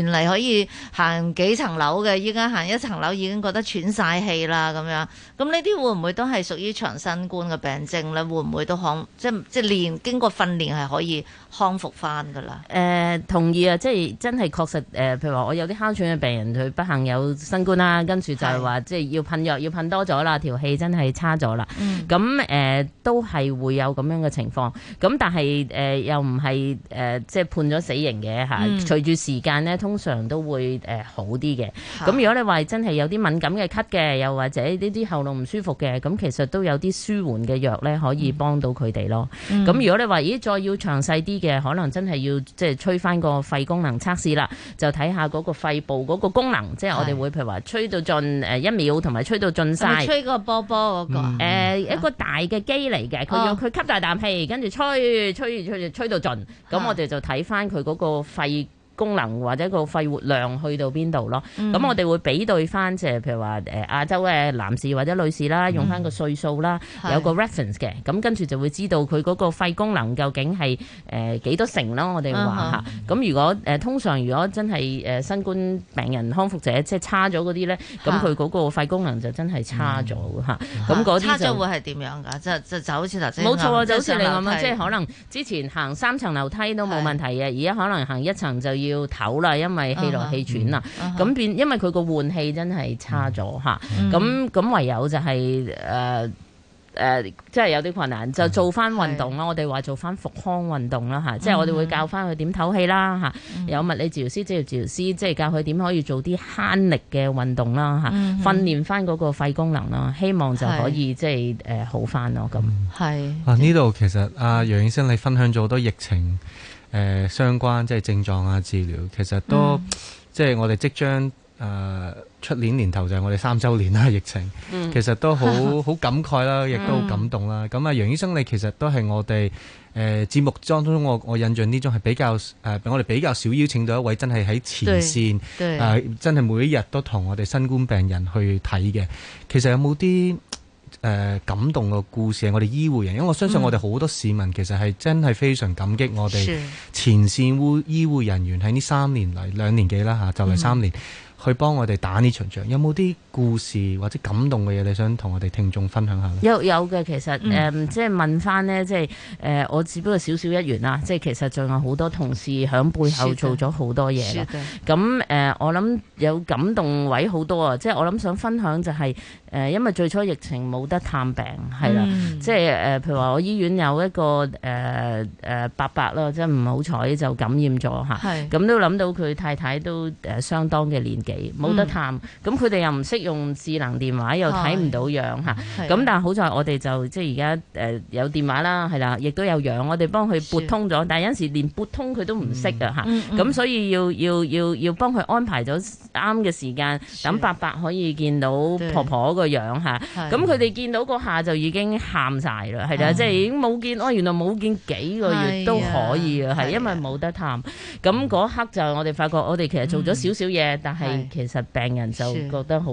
原嚟可以行幾層樓嘅，依家行一層樓已經覺得喘晒氣啦咁樣。咁呢啲會唔會都係屬於長新冠嘅病症咧？會唔會都可？即即練經過訓練係可以康復翻噶啦？誒、呃、同意啊，即、就、係、是、真係確實誒、呃。譬如話我有啲哮喘嘅病人，佢不幸有新冠啦，嗯、跟住就係話即係要噴藥，要噴多咗啦，條氣真係差咗啦。咁誒、嗯呃、都係會有咁樣嘅情況。咁但係誒、呃、又唔係誒即係判咗死刑嘅嚇、啊。隨住時間咧，通通常都會誒、呃、好啲嘅，咁、啊、如果你話真係有啲敏感嘅咳嘅，又或者呢啲喉嚨唔舒服嘅，咁其實都有啲舒緩嘅藥咧，可以幫到佢哋咯。咁、嗯嗯、如果你話咦，再要詳細啲嘅，可能真係要即係吹翻個肺功能測試啦，就睇下嗰個肺部嗰個功能。即係我哋會是譬如話吹到盡誒一秒，同埋吹到盡晒。是是吹個波波、那個誒一個大嘅機嚟嘅，佢要佢吸大啖氣，哦、跟住吹吹吹吹到盡，咁我哋就睇翻佢嗰個肺功能或者個肺活量去到邊度咯？咁我哋會比對翻，即係譬如話誒亞洲嘅男士或者女士啦，用翻個歲數啦，有個 reference 嘅，咁跟住就會知道佢嗰個肺功能究竟係誒幾多成咯？我哋話吓，咁如果誒通常如果真係誒新冠病人康復者，即係差咗嗰啲咧，咁佢嗰個肺功能就真係差咗吓，咁嗰差咗會係點樣㗎？即係即係就好似頭先冇錯啊！就好似你咁樣，即係可能之前行三層樓梯都冇問題嘅，而家可能行一層就要。要唞啦，因為氣來氣喘啦，咁變因為佢個換氣真係差咗吓，咁咁唯有就係誒誒，即係有啲困難，就做翻運動啦。我哋話做翻復康運動啦吓，即係我哋會教翻佢點唞氣啦吓，有物理治療師、職業治療師，即係教佢點可以做啲慳力嘅運動啦吓，訓練翻嗰個肺功能啦，希望就可以即係誒好翻咯咁。係啊，呢度其實阿楊醫生你分享咗好多疫情。誒、呃、相關即係症狀啊，治療其實都、嗯、即係我哋即將誒出、呃、年年頭就係我哋三週年啦。疫情、嗯、其實都好好、嗯、感慨啦，亦都好感動啦。咁、呃、啊，楊醫生，你其實都係我哋誒、呃、節目當中我，我我印象呢種係比較誒、呃，我哋比較少邀請到一位真係喺前線對、誒、呃，真係每一日都同我哋新冠病人去睇嘅。其實有冇啲？誒、呃、感動嘅故事係我哋醫護人，因為我相信我哋好多市民其實係真係非常感激我哋前線醫護人員喺呢三年嚟，兩年幾啦吓就嚟，是、三年，嗯、去幫我哋打呢場仗，有冇啲？故事或者感動嘅嘢，你想同我哋聽眾分享下？有有嘅，其實誒、嗯，即係問翻呢，即係誒，我只不過少少一員啦，即係其實仲有好多同事響背後做咗好多嘢啦的。咁誒、呃，我諗有感動位好多啊，即係我諗想，想分享就係、是、誒、呃，因為最初疫情冇得探病係啦，嗯、即係誒、呃，譬如話我醫院有一個誒誒、呃呃、八伯咯，即係唔好彩就感染咗吓，咁是都諗到佢太太都誒相當嘅年紀冇得探，咁佢哋又唔識。用智能電話又睇唔到樣吓，咁但係好在我哋就即係而家誒有電話啦，係啦，亦都有樣，我哋幫佢撥通咗，但係有陣時連撥通佢都唔識啊吓，咁所以要要要要幫佢安排咗啱嘅時間等伯伯可以見到婆婆個樣吓，咁佢哋見到嗰下就已經喊晒啦，係啦，即係已經冇見哦，原來冇見幾個月都可以啊，係因為冇得探，咁嗰刻就我哋發覺我哋其實做咗少少嘢，但係其實病人就覺得好。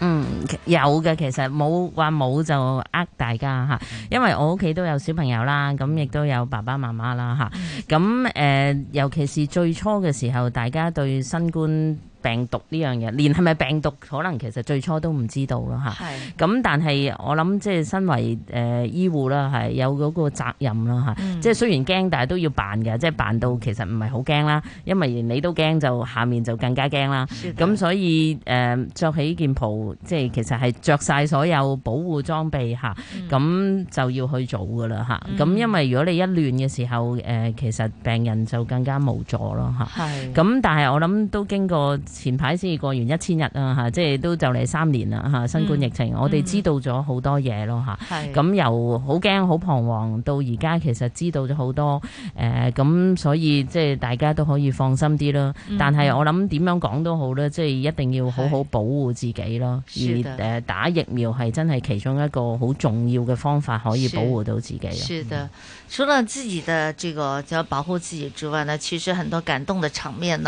嗯，有嘅，其實冇話冇就呃大家吓，因為我屋企都有小朋友啦，咁亦都有爸爸媽媽啦吓，咁誒，尤其是最初嘅時候，大家對新冠病毒呢樣嘢，連係咪病毒可能其實最初都唔知道咯吓。咁是、啊、但係我諗，即係身為誒、呃、醫護啦，係有嗰個責任咯吓。啊嗯、即係雖然驚，但係都要扮嘅，即係扮到其實唔係好驚啦。因為你都驚，就下面就更加驚啦。咁的、啊、所以誒着、呃、起件袍，即係其實係着晒所有保護裝備吓，咁、啊嗯、就要去做噶啦吓。咁、啊嗯、因為如果你一亂嘅時候，誒、呃、其實病人就更加無助咯吓。咁、啊是啊、但係我諗都經過。前排先至過完一千日啊，嚇，即係都就嚟三年啦嚇。新冠疫情、嗯、我哋知道咗好多嘢咯嚇，咁由好驚好彷徨，到而家其實知道咗好多咁、呃、所以即係大家都可以放心啲咯。但係我諗點樣講都好咧，即係一定要好好保護自己咯。嗯嗯、而打疫苗係真係其中一個好重要嘅方法，可以保護到自己。是，是的，嗯、除了自己的這個要保護自己之外，呢其實很多感動的場面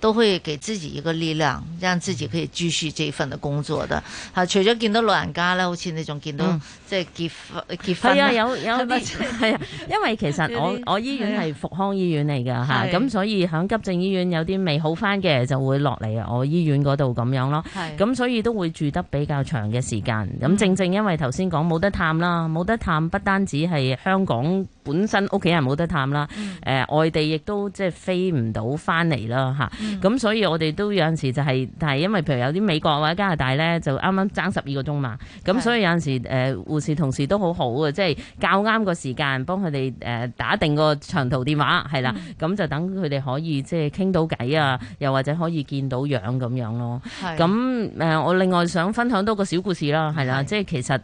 都會給自己。一個力量，讓自己可以繼續這份的工作的。啊，除咗見到老人家咧，好似你仲見到即係結婚結婚啊，係、嗯、有有係啊 ，因為其實我 是的我醫院係復康醫院嚟嘅吓，咁的的所以喺急症醫院有啲未好翻嘅就會落嚟我醫院嗰度咁樣咯。咁的所以都會住得比較長嘅時間。咁、嗯、正正因為頭先講冇得探啦，冇得探，不單止係香港。本身屋企人冇得探啦，嗯、外地亦都即係飛唔到翻嚟啦吓，咁、嗯、所以我哋都有陣時就係、是，但係因為譬如有啲美國或者加拿大咧，就啱啱爭十二個鐘嘛，咁所以有陣時誒護士同事都好好嘅，即係較啱個時間幫佢哋誒打定個長途電話，係啦，咁、嗯、就等佢哋可以即係傾到偈啊，又或者可以見到樣咁樣咯。咁是的 我另外想分享多個小故事啦，係啦，即係是的 其實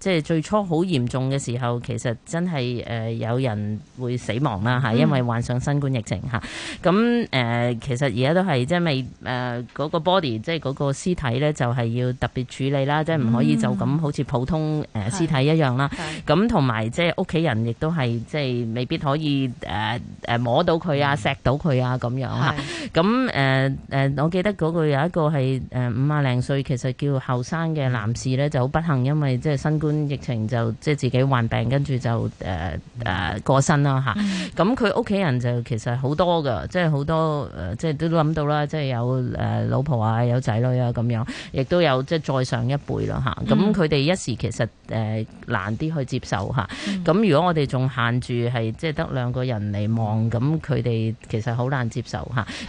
即係、嗯、最初好嚴重嘅時候，其實真係誒誒有人會死亡啦嚇，因為患上新冠疫情嚇。咁誒、嗯，其實而家都係即係未誒嗰個 body，即係嗰個屍體咧，就係要特別處理啦，即係唔可以就咁好似普通誒屍體一樣啦。咁同埋即係屋企人亦都係即係未必可以誒誒摸到佢啊、錫到佢啊咁樣嚇。咁誒誒，我記得嗰個有一個係誒五呀零歲，其實叫後生嘅男士咧，就好不幸，因為即係新冠疫情就即係自己患病，跟住就誒。呃誒、啊、過身啦，咁佢屋企人就其實好多㗎、即係呃，即係好多即係都諗到啦，即係有、呃、老婆啊，有仔女啊咁樣，亦都有即係再上一輩啦，咁佢哋一時其實誒、呃、難啲去接受咁、啊嗯、如果我哋仲限住係即係得兩個人嚟望，咁佢哋其實好難接受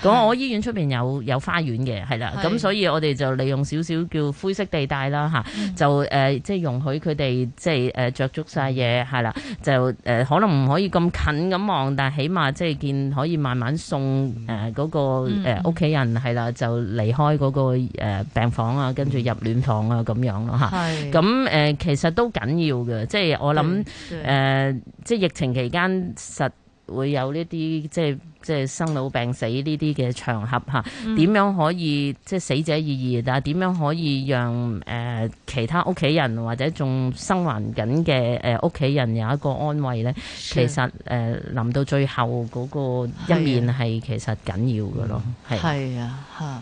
咁、啊、我醫院出面有有花園嘅，係啦，咁的所以我哋就利用少少叫灰色地帶啦、啊嗯、就、呃、即係容許佢哋即係誒著足晒嘢係啦，就誒。呃可能唔可以咁近咁望，但係起碼即係見，可以慢慢送誒嗰個誒屋企人係啦，就離開嗰個誒病房啊，跟住、嗯、入暖房啊咁、嗯、樣咯吓。係咁誒，其實都緊要嘅，即係我諗誒、呃，即係疫情期間實。會有呢啲即係即係生老病死呢啲嘅場合吓，點樣可以即係死者已矣啊？但點樣可以讓誒、呃、其他屋企人或者仲生還緊嘅誒屋企人有一個安慰咧？的其實誒，臨、呃、到最後嗰個一面係其實緊要㗎咯，係係啊吓。是是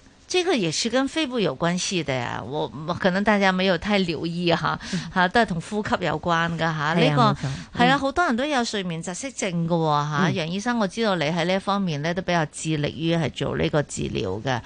這個也是跟肺部有關係的呀，我可能大家沒有太留意哈，吓、啊、都係同呼吸有關噶吓，呢個係啊，好多人都有睡眠窒息症噶吓，楊、啊、醫生，我知道你喺呢一方面咧都比較致力於係做呢個治療嘅。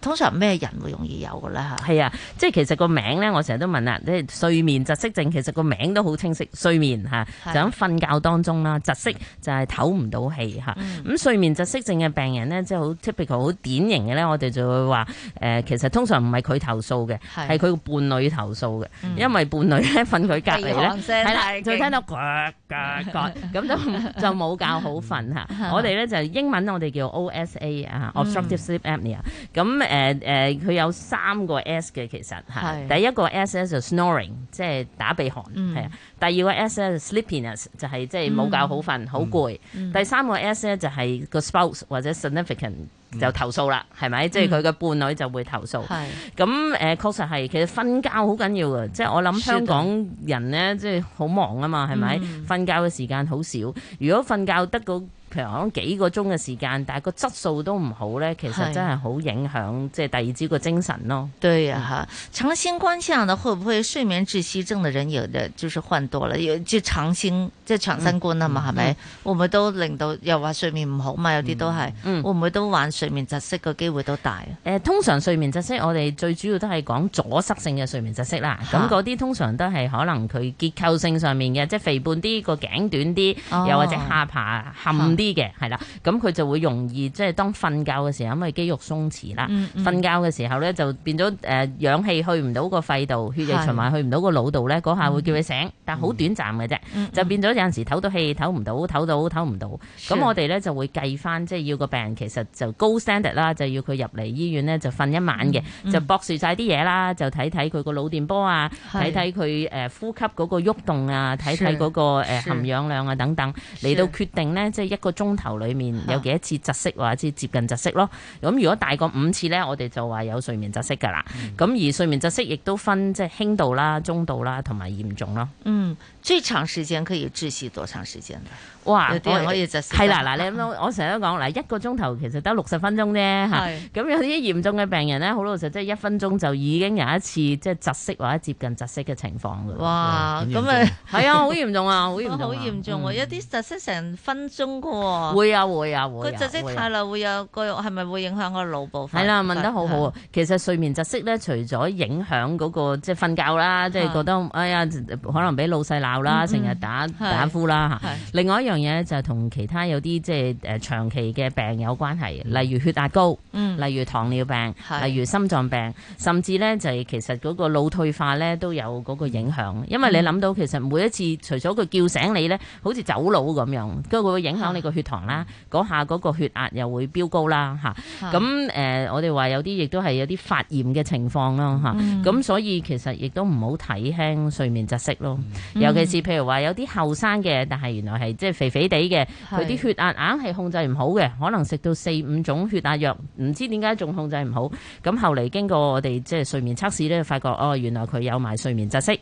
通常咩人會容易有噶咧？嚇係啊，即係其實個名咧，我成日都問啦，即係睡眠窒息症，其實個名都好清晰，睡眠嚇就咁瞓覺當中啦，是的窒息就係唞唔到氣嚇。咁、嗯嗯、睡眠窒息症嘅病人咧，即、就、係、是、好 typical、好典型嘅咧，我哋就會話誒、呃，其實通常唔係佢投訴嘅，係佢個伴侶投訴嘅，嗯、因為伴侶咧瞓佢隔離咧，係係就聽到㗎㗎咁都就冇覺好瞓嚇。我哋咧就英文我哋叫 OSA 啊，Obstructive Sleep Apnea，咁。誒誒，佢、呃呃、有三個 S 嘅其實係，是第一個 SS sn 就 snoring，即係打鼻鼾，係啊、嗯；第二個 SS 就 sleepiness，就係即係冇覺好瞓，好攰；第三個 S 咧就係個 spouse 或者 significant 就投訴啦，係咪、嗯？即係佢嘅伴侶就會投訴。係咁誒，確、呃、實係，其實瞓覺好緊要嘅，即、就、係、是、我諗香港人咧，即係好忙啊嘛，係咪？瞓、嗯、覺嘅時間好少，如果瞓覺得個譬如講幾個鐘嘅時,時間，但係個質素都唔好咧，其實真係好影響即係第二朝個精神咯。對啊嚇，長、嗯、新冠之後，那會唔會睡眠窒息症嘅人有啲就是患多了？有即係長新即係長新冠咁嘛？係咪？會唔會都令到又話睡眠唔好嘛，有啲都係，會唔會都患睡眠窒息嘅機會都大、啊？誒、呃，通常睡眠窒息我哋最主要都係講阻塞性嘅睡眠窒息啦。咁嗰啲通常都係可能佢結構性上面嘅，啊、即係肥胖啲個頸短啲，哦、又或者下巴冚。啲嘅係啦，咁佢就會容易即係當瞓覺嘅時候，因為肌肉鬆弛啦。瞓覺嘅時候咧，就變咗誒氧氣去唔到個肺度，血液循環去唔到個腦度咧，嗰下會叫佢醒，但好短暫嘅啫，就變咗有陣時唞到氣唞唔到，唞到唞唔到。咁我哋咧就會計翻，即係要個病人其實就高 stand 啦，就要佢入嚟醫院咧就瞓一晚嘅，就駁晒啲嘢啦，就睇睇佢個腦電波啊，睇睇佢誒呼吸嗰個喐動啊，睇睇嗰個誒含氧量啊等等，嚟到決定咧即係一個。個鐘頭裏面有幾多次窒息，或者接近窒息咯？咁如果大過五次呢，我哋就話有睡眠窒息噶啦。咁而睡眠窒息亦都分即係輕度啦，中度啦同埋嚴重咯。嗯，最長時間可以窒息多長時間咧？哇！啲人可以窒息係啦，嗱你咁樣，我成日都講嗱，一個鐘頭其實得六十分鐘啫嚇，咁有啲嚴重嘅病人咧，好老實，即係一分鐘就已經有一次即係窒息或者接近窒息嘅情況㗎。哇！咁咪係啊，好嚴重啊，好嚴重啊！有啲窒息成分鐘嘅喎。會啊會啊，會窒息太耐會有個係咪會影響個腦部分？係啦，問得好好啊！其實睡眠窒息咧，除咗影響嗰個即係瞓覺啦，即係覺得哎呀可能俾老細鬧啦，成日打打呼啦，另外一樣。嘢就同其他有啲即係誒長期嘅病有關係，例如血壓高，嗯、例如糖尿病，是例如心臟病，甚至咧就係其實嗰個腦退化咧都有嗰個影響，嗯、因為你諗到其實每一次除咗佢叫醒你咧，好似走佬咁樣，都會影響你個血是個血糖啦，嗰下嗰個血壓又會飆高啦吓，咁誒是、啊、我哋話有啲亦都係有啲發炎嘅情況咯吓，咁、嗯啊、所以其實亦都唔好睇輕睡眠窒息咯，尤其是譬如話有啲後生嘅，但係原來係即係。肥肥地嘅，佢啲血壓硬係控制唔好嘅，可能食到四五種血壓藥，唔知點解仲控制唔好。咁後嚟經過我哋即係睡眠測試咧，發覺哦，原來佢有埋睡眠窒息。咁、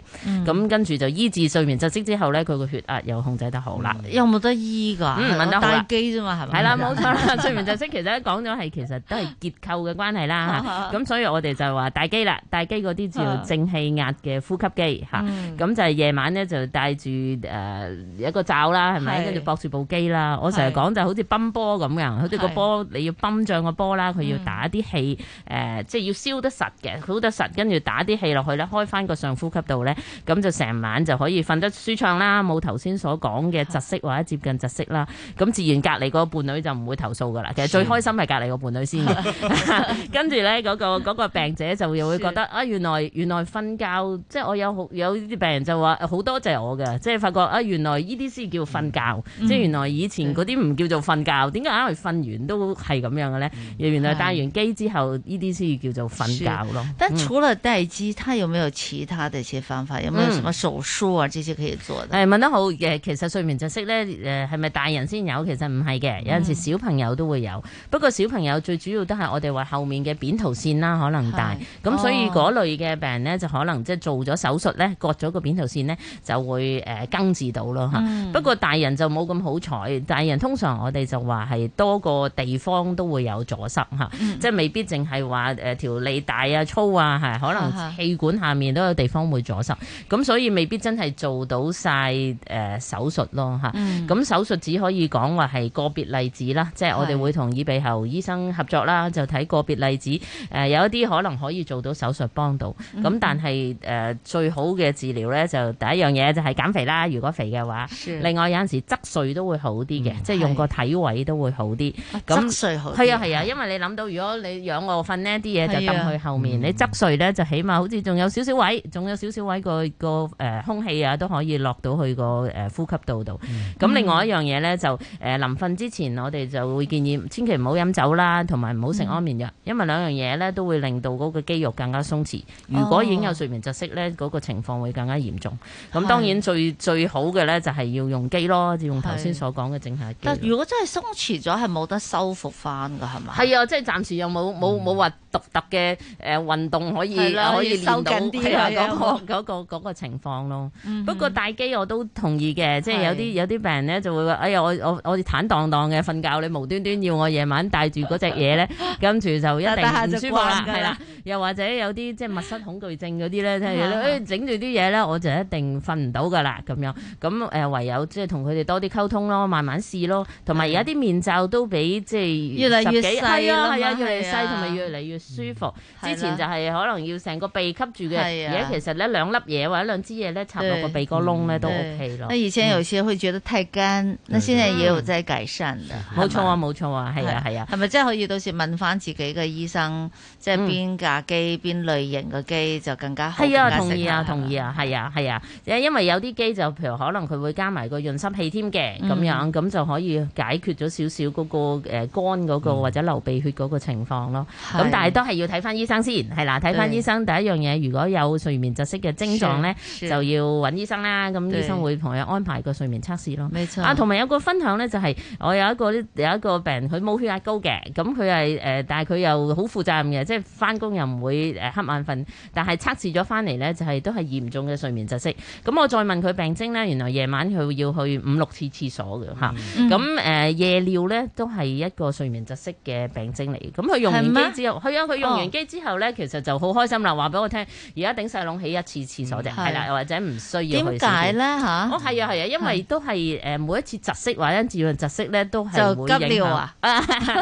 嗯、跟住就醫治睡眠窒息之後咧，佢個血壓又控制得好啦、嗯。有冇得醫㗎、嗯？問得好大機啫嘛，係咪？係啦，冇錯啦。 睡眠窒息其實講咗係其實都係結構嘅關係啦。咁 所以我哋就話大機啦，大機嗰啲叫正氣壓嘅呼吸機嚇。咁、嗯嗯、就係夜晚咧就戴住誒一個罩啦，係咪？是要駁住部機啦！我成日講就是好似泵波咁樣，是好似個波你要泵脹個波啦，佢要打啲氣誒、嗯呃，即係要燒得實嘅，好得實跟住打啲氣落去咧，開翻個上呼吸道咧，咁就成晚就可以瞓得舒暢啦，冇頭先所講嘅窒息或者接近窒息啦。咁自然隔離個伴侶就唔會投訴噶啦。其實最開心係隔離個伴侶先的，是 跟住咧嗰個病者就又會覺得是啊，原來原來瞓覺即係我有有啲病人就話好多就係我嘅，即係發覺啊，原來呢啲先叫瞓覺。嗯。即係原來以前嗰啲唔叫做瞓覺，點解啱嚟瞓完都係咁樣嘅咧？原來戴完機之後，呢啲先叫做瞓覺咯。但係除咗戴機，他有冇有其他嘅一些方法？有冇有什麼手術啊？這些可以做？誒，問得好嘅。其實睡眠窒息咧，誒係咪大人先有？其實唔係嘅，有陣時小朋友都會有。不過小朋友最主要都係我哋話後面嘅扁桃腺啦，可能大。咁所以嗰類嘅病人咧，就可能即係做咗手術咧，割咗個扁桃腺咧，就會誒根治到咯吓。不過大人就。就冇咁好彩，但係人通常我哋就話係多個地方都會有阻塞吓，嗯、即係未必淨係話誒條脷大啊粗啊，係可能氣管下面都有地方會阻塞，咁、嗯、所以未必真係做到晒誒、呃、手術咯吓，咁、嗯、手術只可以講話係個別例子啦，嗯、即係我哋會同耳鼻喉醫生合作啦，就睇個別例子，誒、呃、有一啲可能可以做到手術幫到，咁、嗯、但係誒、呃、最好嘅治療咧就第一樣嘢就係減肥啦，如果肥嘅話，是另外有陣時側睡都會好啲嘅，嗯、即係用個體位都會好啲。咁側睡好係啊係啊，因為你諗到，如果你仰臥瞓，呢啲嘢就掟去後面。啊、你側睡咧，就起碼好似仲有少少位，仲有少少位個個誒空氣啊都可以落到去個誒呼吸道度。咁、嗯、另外一樣嘢咧就誒臨瞓之前，我哋就會建議千祈唔好飲酒啦，同埋唔好食安眠藥，嗯、因為兩樣嘢咧都會令到嗰個肌肉更加鬆弛。哦、如果已經有睡眠窒息咧，嗰、嗰個情況會更加嚴重。咁當然最是最好嘅咧就係要用機咯。用頭先所講嘅整下機，但如果真係鬆弛咗，係冇得修復翻嘅，係嘛？係啊，即係暫時又冇冇冇話獨特嘅誒運動可以、嗯、可以練到，係話嗰個情況咯。嗯、哼不過戴機我都同意嘅，嗯、哼即係有啲有啲病人咧就會話：哎呀，我我我係坦蕩蕩嘅瞓覺，你無端端要我夜晚戴住嗰隻嘢咧，跟住 就一定唔舒服啦。係啦， 又或者有啲即係密室恐懼症嗰啲咧，即係咧，哎整住啲嘢咧，我就一定瞓唔到㗎啦。咁樣咁誒、呃，唯有即係同佢哋多。我哋溝通咯，慢慢試咯，同埋而家啲面罩都比即係越嚟越細啊，係啊，越嚟越細，同埋越嚟越舒服。之前就係可能要成個鼻吸住嘅，而家其實咧兩粒嘢或者兩支嘢咧插落個鼻哥窿咧都 O K 咯。那以前有些會覺得太乾，先係要即係改善。冇錯啊，冇錯啊，係啊，係啊，係咪真係可以到時問翻自己嘅醫生，即係邊架機邊類型嘅機就更加好？係啊，同意啊，同意啊，係啊，係啊，因為有啲機就譬如可能佢會加埋個潤濕器添。嘅，咁樣咁就可以解決咗少少嗰個肝嗰個或者流鼻血嗰個情況咯。咁、嗯、但係都係要睇翻醫生先。係啦，睇翻醫生對第一樣嘢，如果有睡眠窒息嘅症狀咧，是就要搵醫生啦。咁對醫生會同佢安排個睡眠測試咯。錯啊，同埋有一個分享咧、就是，就係我有一個有一個病人，佢冇血壓高嘅，咁佢係但係佢又好負責任嘅，即係翻工又唔會誒瞌眼瞓。但係測試咗翻嚟咧，就係、是、都係嚴重嘅睡眠窒息。咁我再問佢病徵咧，原來夜晚佢要去五六。次廁所嘅嚇，咁誒夜尿咧都係一個睡眠窒息嘅病徵嚟。咁佢用完之後，係啊，佢用完機之後咧，其實就好開心啦。話俾我聽，而家頂細籠起一次廁所啫，係啦，或者唔需要。點解咧嚇？哦，係啊，係啊，因為都係誒每一次窒息或者自愈窒息咧，都係急尿啊！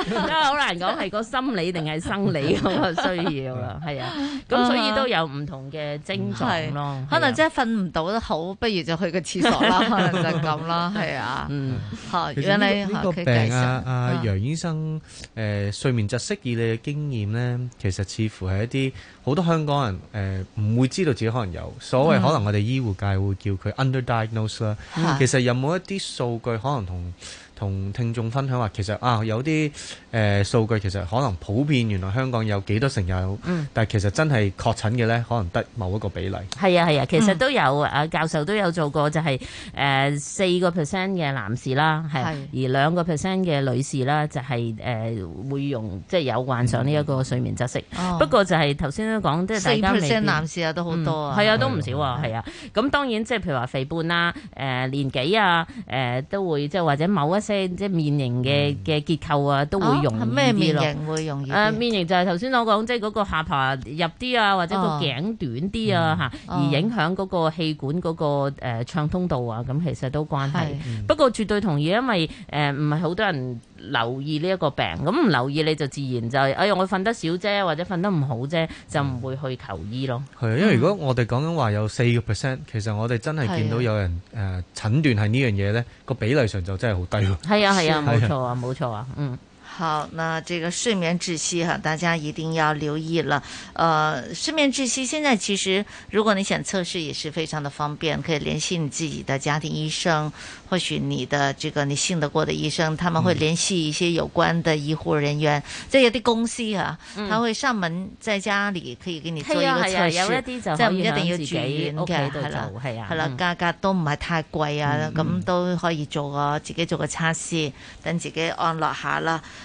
因為好難講係個心理定係生理咁嘅需要啊。係啊，咁所以都有唔同嘅症狀咯。可能即係瞓唔到得好，不如就去個廁所啦。可能就係咁啦。係啊，嗯，好，原來佢介紹，呢個病啊，阿楊醫生，誒睡眠窒息症以你嘅經驗呢，其實似乎係一啲好多香港人誒唔會知道自己可能有所謂，可能我哋醫護界會叫佢 underdiagnosed 啦。其實有冇一啲數據可能同？同聽眾分享話，其實啊有啲誒、呃、數據其實可能普遍，原來香港有幾多成有，嗯、但係其實真係確診嘅咧，可能得某一個比例。係啊係啊，其實都有啊、嗯、教授都有做過，就係誒四個 percent 嘅男士啦，係而兩個 percent 嘅女士啦，就係誒會用即係有患上呢一個睡眠窒息。嗯、不過就係頭先都講，即係、哦、大家未。四 percent 男士有、啊、都好多啊，係啊都唔少啊，係啊。咁、啊啊啊、當然即係譬如話肥胖啦、誒、呃、年紀啊、誒、呃、都會即係或者某一些即係面型嘅嘅結構啊，都會容易。咩面型會容易？誒，面型就係頭先我講，即係嗰個下巴入啲啊，或者個頸短啲啊，嚇，而影響嗰個氣管嗰個誒暢通度啊，咁其實都關係。是不過絕對同意，因為誒唔係好多人。留意呢一個病，咁唔留意你就自然就哎呀，我瞓得少啫，或者瞓得唔好啫，就唔會去求醫咯。係啊，因為如果我哋講緊話有四個 percent，其實我哋真係見到有人誒診斷係呢樣嘢咧，個比例上就真係好低咯。係啊，係啊，冇錯啊，冇錯啊，嗯。好，那這個睡眠窒息哈、啊，大家一定要留意了。呃，睡眠窒息現在其實，如果你想測試，也是非常的方便，可以聯繫你自己的家庭醫生，或許你的這個你信得過的醫生，他們會聯繫一些有關的醫護人員，即係、嗯、有啲公司啊，他、嗯、會上門在家裏可以給你做一個測試，即係、啊啊啊、一定要住院嘅係啦，係啦，價格、OK、都唔係太貴啊，咁、嗯、都可以做個、哦嗯、自己做個測試，等自己安樂下啦。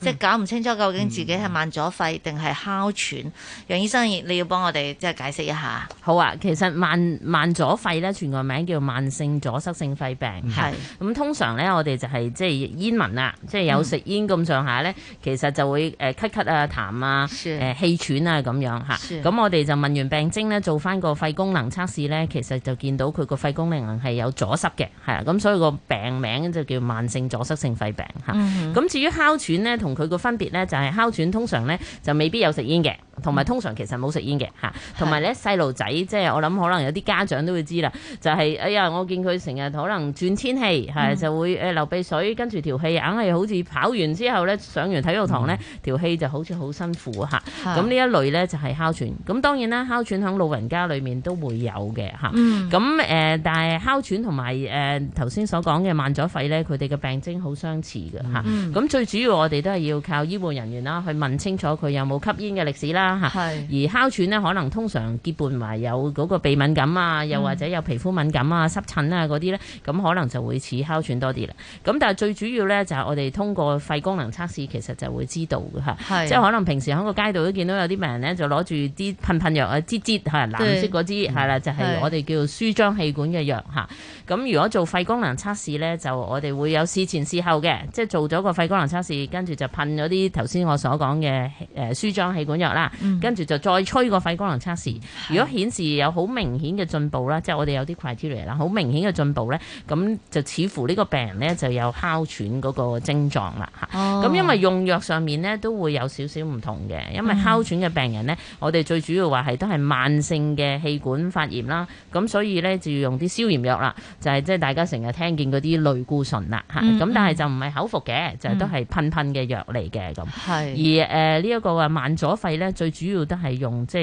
嗯、即係搞唔清楚究竟自己係慢阻肺定係哮喘，嗯、楊醫生你要幫我哋即係解釋一下。好啊，其實慢慢阻肺咧，全個名叫慢性阻塞性肺病。係是，咁是、嗯、通常咧我哋就係即係煙民啦，即係有食煙咁上下咧，嗯、其實就會誒咳咳啊痰啊，誒是氣喘啊咁樣嚇。咁是我哋就問完病徵咧，做翻個肺功能測試咧，其實就見到佢個肺功能係有阻塞嘅，係啊，咁所以個病名就叫慢性阻塞性肺病嚇。咁、嗯、哼至於哮喘咧。同佢個分別咧，就係哮喘通常咧就未必有食煙嘅。同埋通常其實冇食煙嘅嚇，同埋咧細路仔，即係我諗可能有啲家長都會知啦，就係、是、哎呀我見佢成日可能轉天氣、嗯、就會流鼻水，跟住條氣硬係好似跑完之後咧上完體育堂咧、嗯、條氣就好似好辛苦嚇咁呢是一類咧就係哮喘，咁當然啦哮喘喺老人家裏面都會有嘅嚇咁、嗯、但係哮喘同埋誒頭先所講嘅慢阻肺咧，佢哋嘅病徵好相似嘅嚇咁、嗯嗯、最主要我哋都係要靠醫護人員啦去問清楚佢有冇吸煙嘅歷史啦。啦是而哮喘咧可能通常結伴埋有嗰個鼻敏感啊，又或者有皮膚敏感啊、嗯、濕疹啊嗰啲咧，咁可能就會似哮喘多啲啦。咁但係最主要咧就係我哋通過肺功能測試，其實就會知道嘅嚇，是即係可能平時喺個街度都見到有啲病人咧就攞住啲噴噴藥啊、支支係藍色嗰支係啦，就係、是、我哋叫舒張氣管嘅藥嚇。咁如果做肺功能測試咧，就我哋會有事前事後嘅，即係做咗個肺功能測試，跟住就噴咗啲頭先我所講嘅誒舒張氣管藥啦。嗯、跟住就再吹個肺功能測試，如果顯示有好明顯嘅進步啦，是的即係我哋有啲 criteria 啦，好明顯嘅進步咧，咁就似乎呢個病人咧就有哮喘嗰個症狀啦。嚇、哦，咁因為用藥上面咧都會有少少唔同嘅，因為哮喘嘅病人咧，嗯、我哋最主要話係都係慢性嘅氣管發炎啦，咁所以咧就要用啲消炎藥啦，就係即係大家成日聽見嗰啲類固醇啦，嚇、嗯嗯，咁但係就唔係口服嘅，就係都係噴噴嘅藥嚟嘅咁。係、嗯，而誒呢一個話慢阻肺咧最。最主要都係用即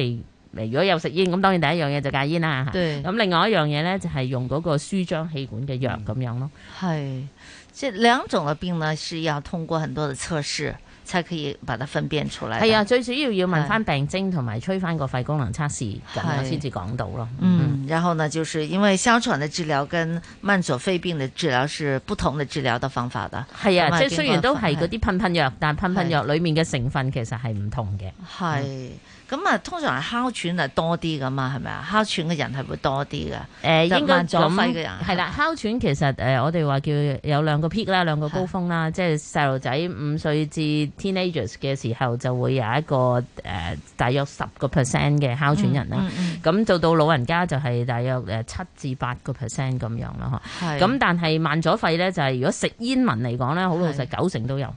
係，如果有食煙咁，當然第一樣嘢就戒煙啦吓。咁對另外一樣嘢咧就係用嗰個舒張氣管嘅藥咁樣咯對。係即兩種嘅病呢，是要通過很多嘅測試。才可以把它分辨出來。係啊，最主要要問翻病徵同埋，吹翻個肺功能測試咁啊，我先至講到咯。是嗯，然後呢，就是因為哮喘的治療跟慢阻肺病的治療是不同的治療的方法的。係啊，是即雖然都係嗰啲噴噴藥，是但噴噴藥裏面嘅成分其實係唔同嘅。係是。嗯咁啊，通常係哮喘係多啲噶嘛，係咪啊？哮喘嘅人係會多啲㗎，誒、呃、應該慢阻肺嘅人係啦。哮喘其實誒、呃，我哋話叫有兩個 peak 啦，兩個高峰啦，是即係細路仔五歲至 teenagers 嘅時候就會有一個誒、呃，大約十個 percent 嘅哮喘人啦。咁、嗯嗯嗯、做到老人家就係大約誒七至八個 percent 咁樣啦，咁是但係慢阻肺咧，就係、是、如果食煙民嚟講咧，好老實，九成都有，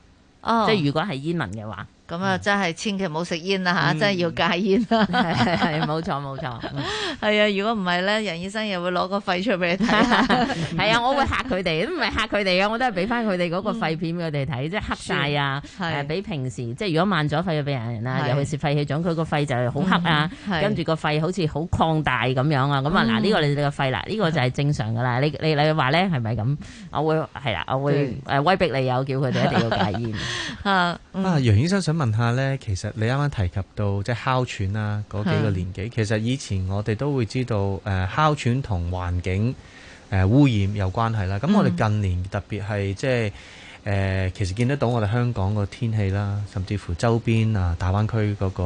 哦、即係如果係煙民嘅話。咁啊，真係千祈冇食煙啦嚇，真係要戒煙啦，係冇錯冇錯，係啊！如果唔係咧，楊醫生又會攞個肺出俾你睇，係啊，我會嚇佢哋，唔係嚇佢哋啊，我都係俾翻佢哋嗰個肺片俾佢哋睇即係，黑晒啊，誒，比平時即係如果慢阻肺嘅病人啦，尤其是肺氣腫佢個肺就係好黑啊，跟住個肺好似好擴大咁樣啊，咁啊嗱，呢個你哋個肺啦，呢個就係正常噶啦，你你你話咧係咪咁？我會係啦，我會威逼你有叫佢哋一定要戒煙啊！啊，楊醫生想問下呢，其實你啱啱提及到即係哮喘啊，嗰幾個年紀，是其實以前我哋都會知道誒哮、呃、喘同環境誒、呃、污染有關係啦。咁我哋近年特別係即係誒，其實見得到我哋香港個天氣啦，甚至乎周邊啊、呃、大灣區嗰，個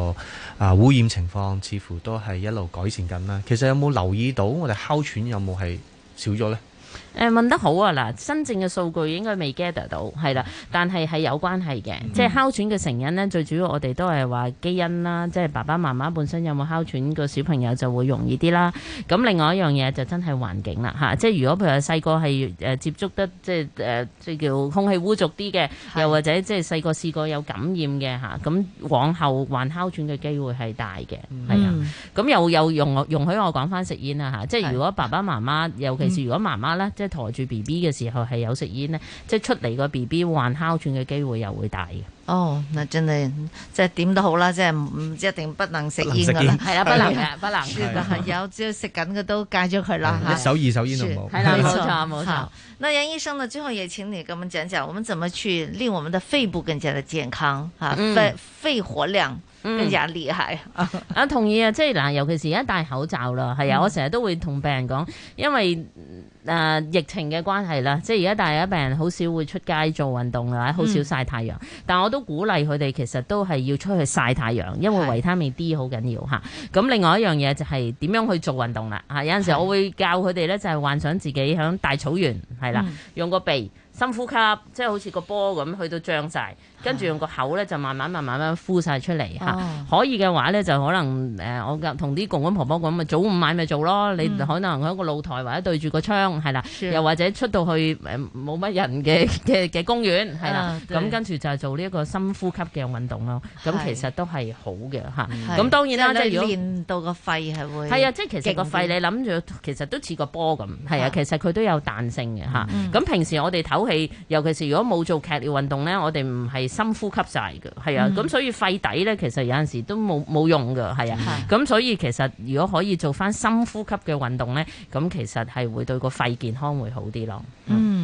啊、呃、污染情況，似乎都係一路改善緊啦。其實有冇留意到我哋哮喘有冇係少咗呢？誒問得好啊！嗱，真正嘅數據應該未 gather 到，係啦，但係係有關係嘅，嗯、即係哮喘嘅成因咧，最主要我哋都係話基因啦，即係爸爸媽媽本身有冇哮喘，個小朋友就會容易啲啦。咁另外一樣嘢就真係環境啦嚇、啊，即係如果譬如細個係誒接觸得即係誒，最、呃、叫空氣污濁啲嘅，又或者即係細個試過有感染嘅嚇，咁、啊、往後患哮喘嘅機會係大嘅，係、嗯、啊。咁又又容容許我講翻食煙啦嚇，即係如果爸爸媽媽，尤其是如果媽媽咧。嗯即係抬住 B B 嘅時候係有食煙咧，即係出嚟個 B B 患哮喘嘅機會又會大嘅。哦，嗱，真係即係點都好啦，即係唔一定不能食煙噶啦，係啦，不能，不能，有只要食緊嘅都戒咗佢啦。一手二手煙都冇，係啦，冇錯冇錯。那楊醫生呢，最後也請你跟我們講講，我們怎麼去令我們的肺部更加的健康啊？肺肺活量更加厲害啊，同意啊，即係嗱，尤其是而家戴口罩啦，係啊，我成日都會同病人講，因為。誒、呃、疫情嘅關係啦，即係而家大家病人好少會出街做運動啦，好少曬太陽。嗯、但係我都鼓勵佢哋，其實都係要出去曬太陽，因為維他命 D 好緊要嚇。咁是的 另外一樣嘢就係點樣去做運動啦？有陣時我會教佢哋咧，就係幻想自己響大草原係啦，用個鼻深呼吸，即係好似個波咁去到張晒。跟住用個口咧，就慢慢慢慢咁呼曬出嚟嚇。可以嘅話咧，就可能誒，我同啲公公婆婆講咪早午晚咪做咯。你可能喺個露台或者對住個窗係啦，又或者出到去冇乜人嘅嘅嘅公園係啦。咁跟住就係做呢一個深呼吸嘅運動咯。咁其實都係好嘅嚇。咁當然啦，即係如果練到個肺係會係啊，即係其實個肺你諗住，其實都似個波咁。係啊，其實佢都有彈性嘅嚇。咁平時我哋唞氣，尤其是如果冇做劇烈運動咧，我哋唔係，深呼吸晒㗎，係啊，咁所以肺底咧，其實有陣時都冇冇用㗎，係啊，咁所以其實如果可以做返深呼吸嘅運動咧，咁其實係會對個肺健康會好啲咯。嗯。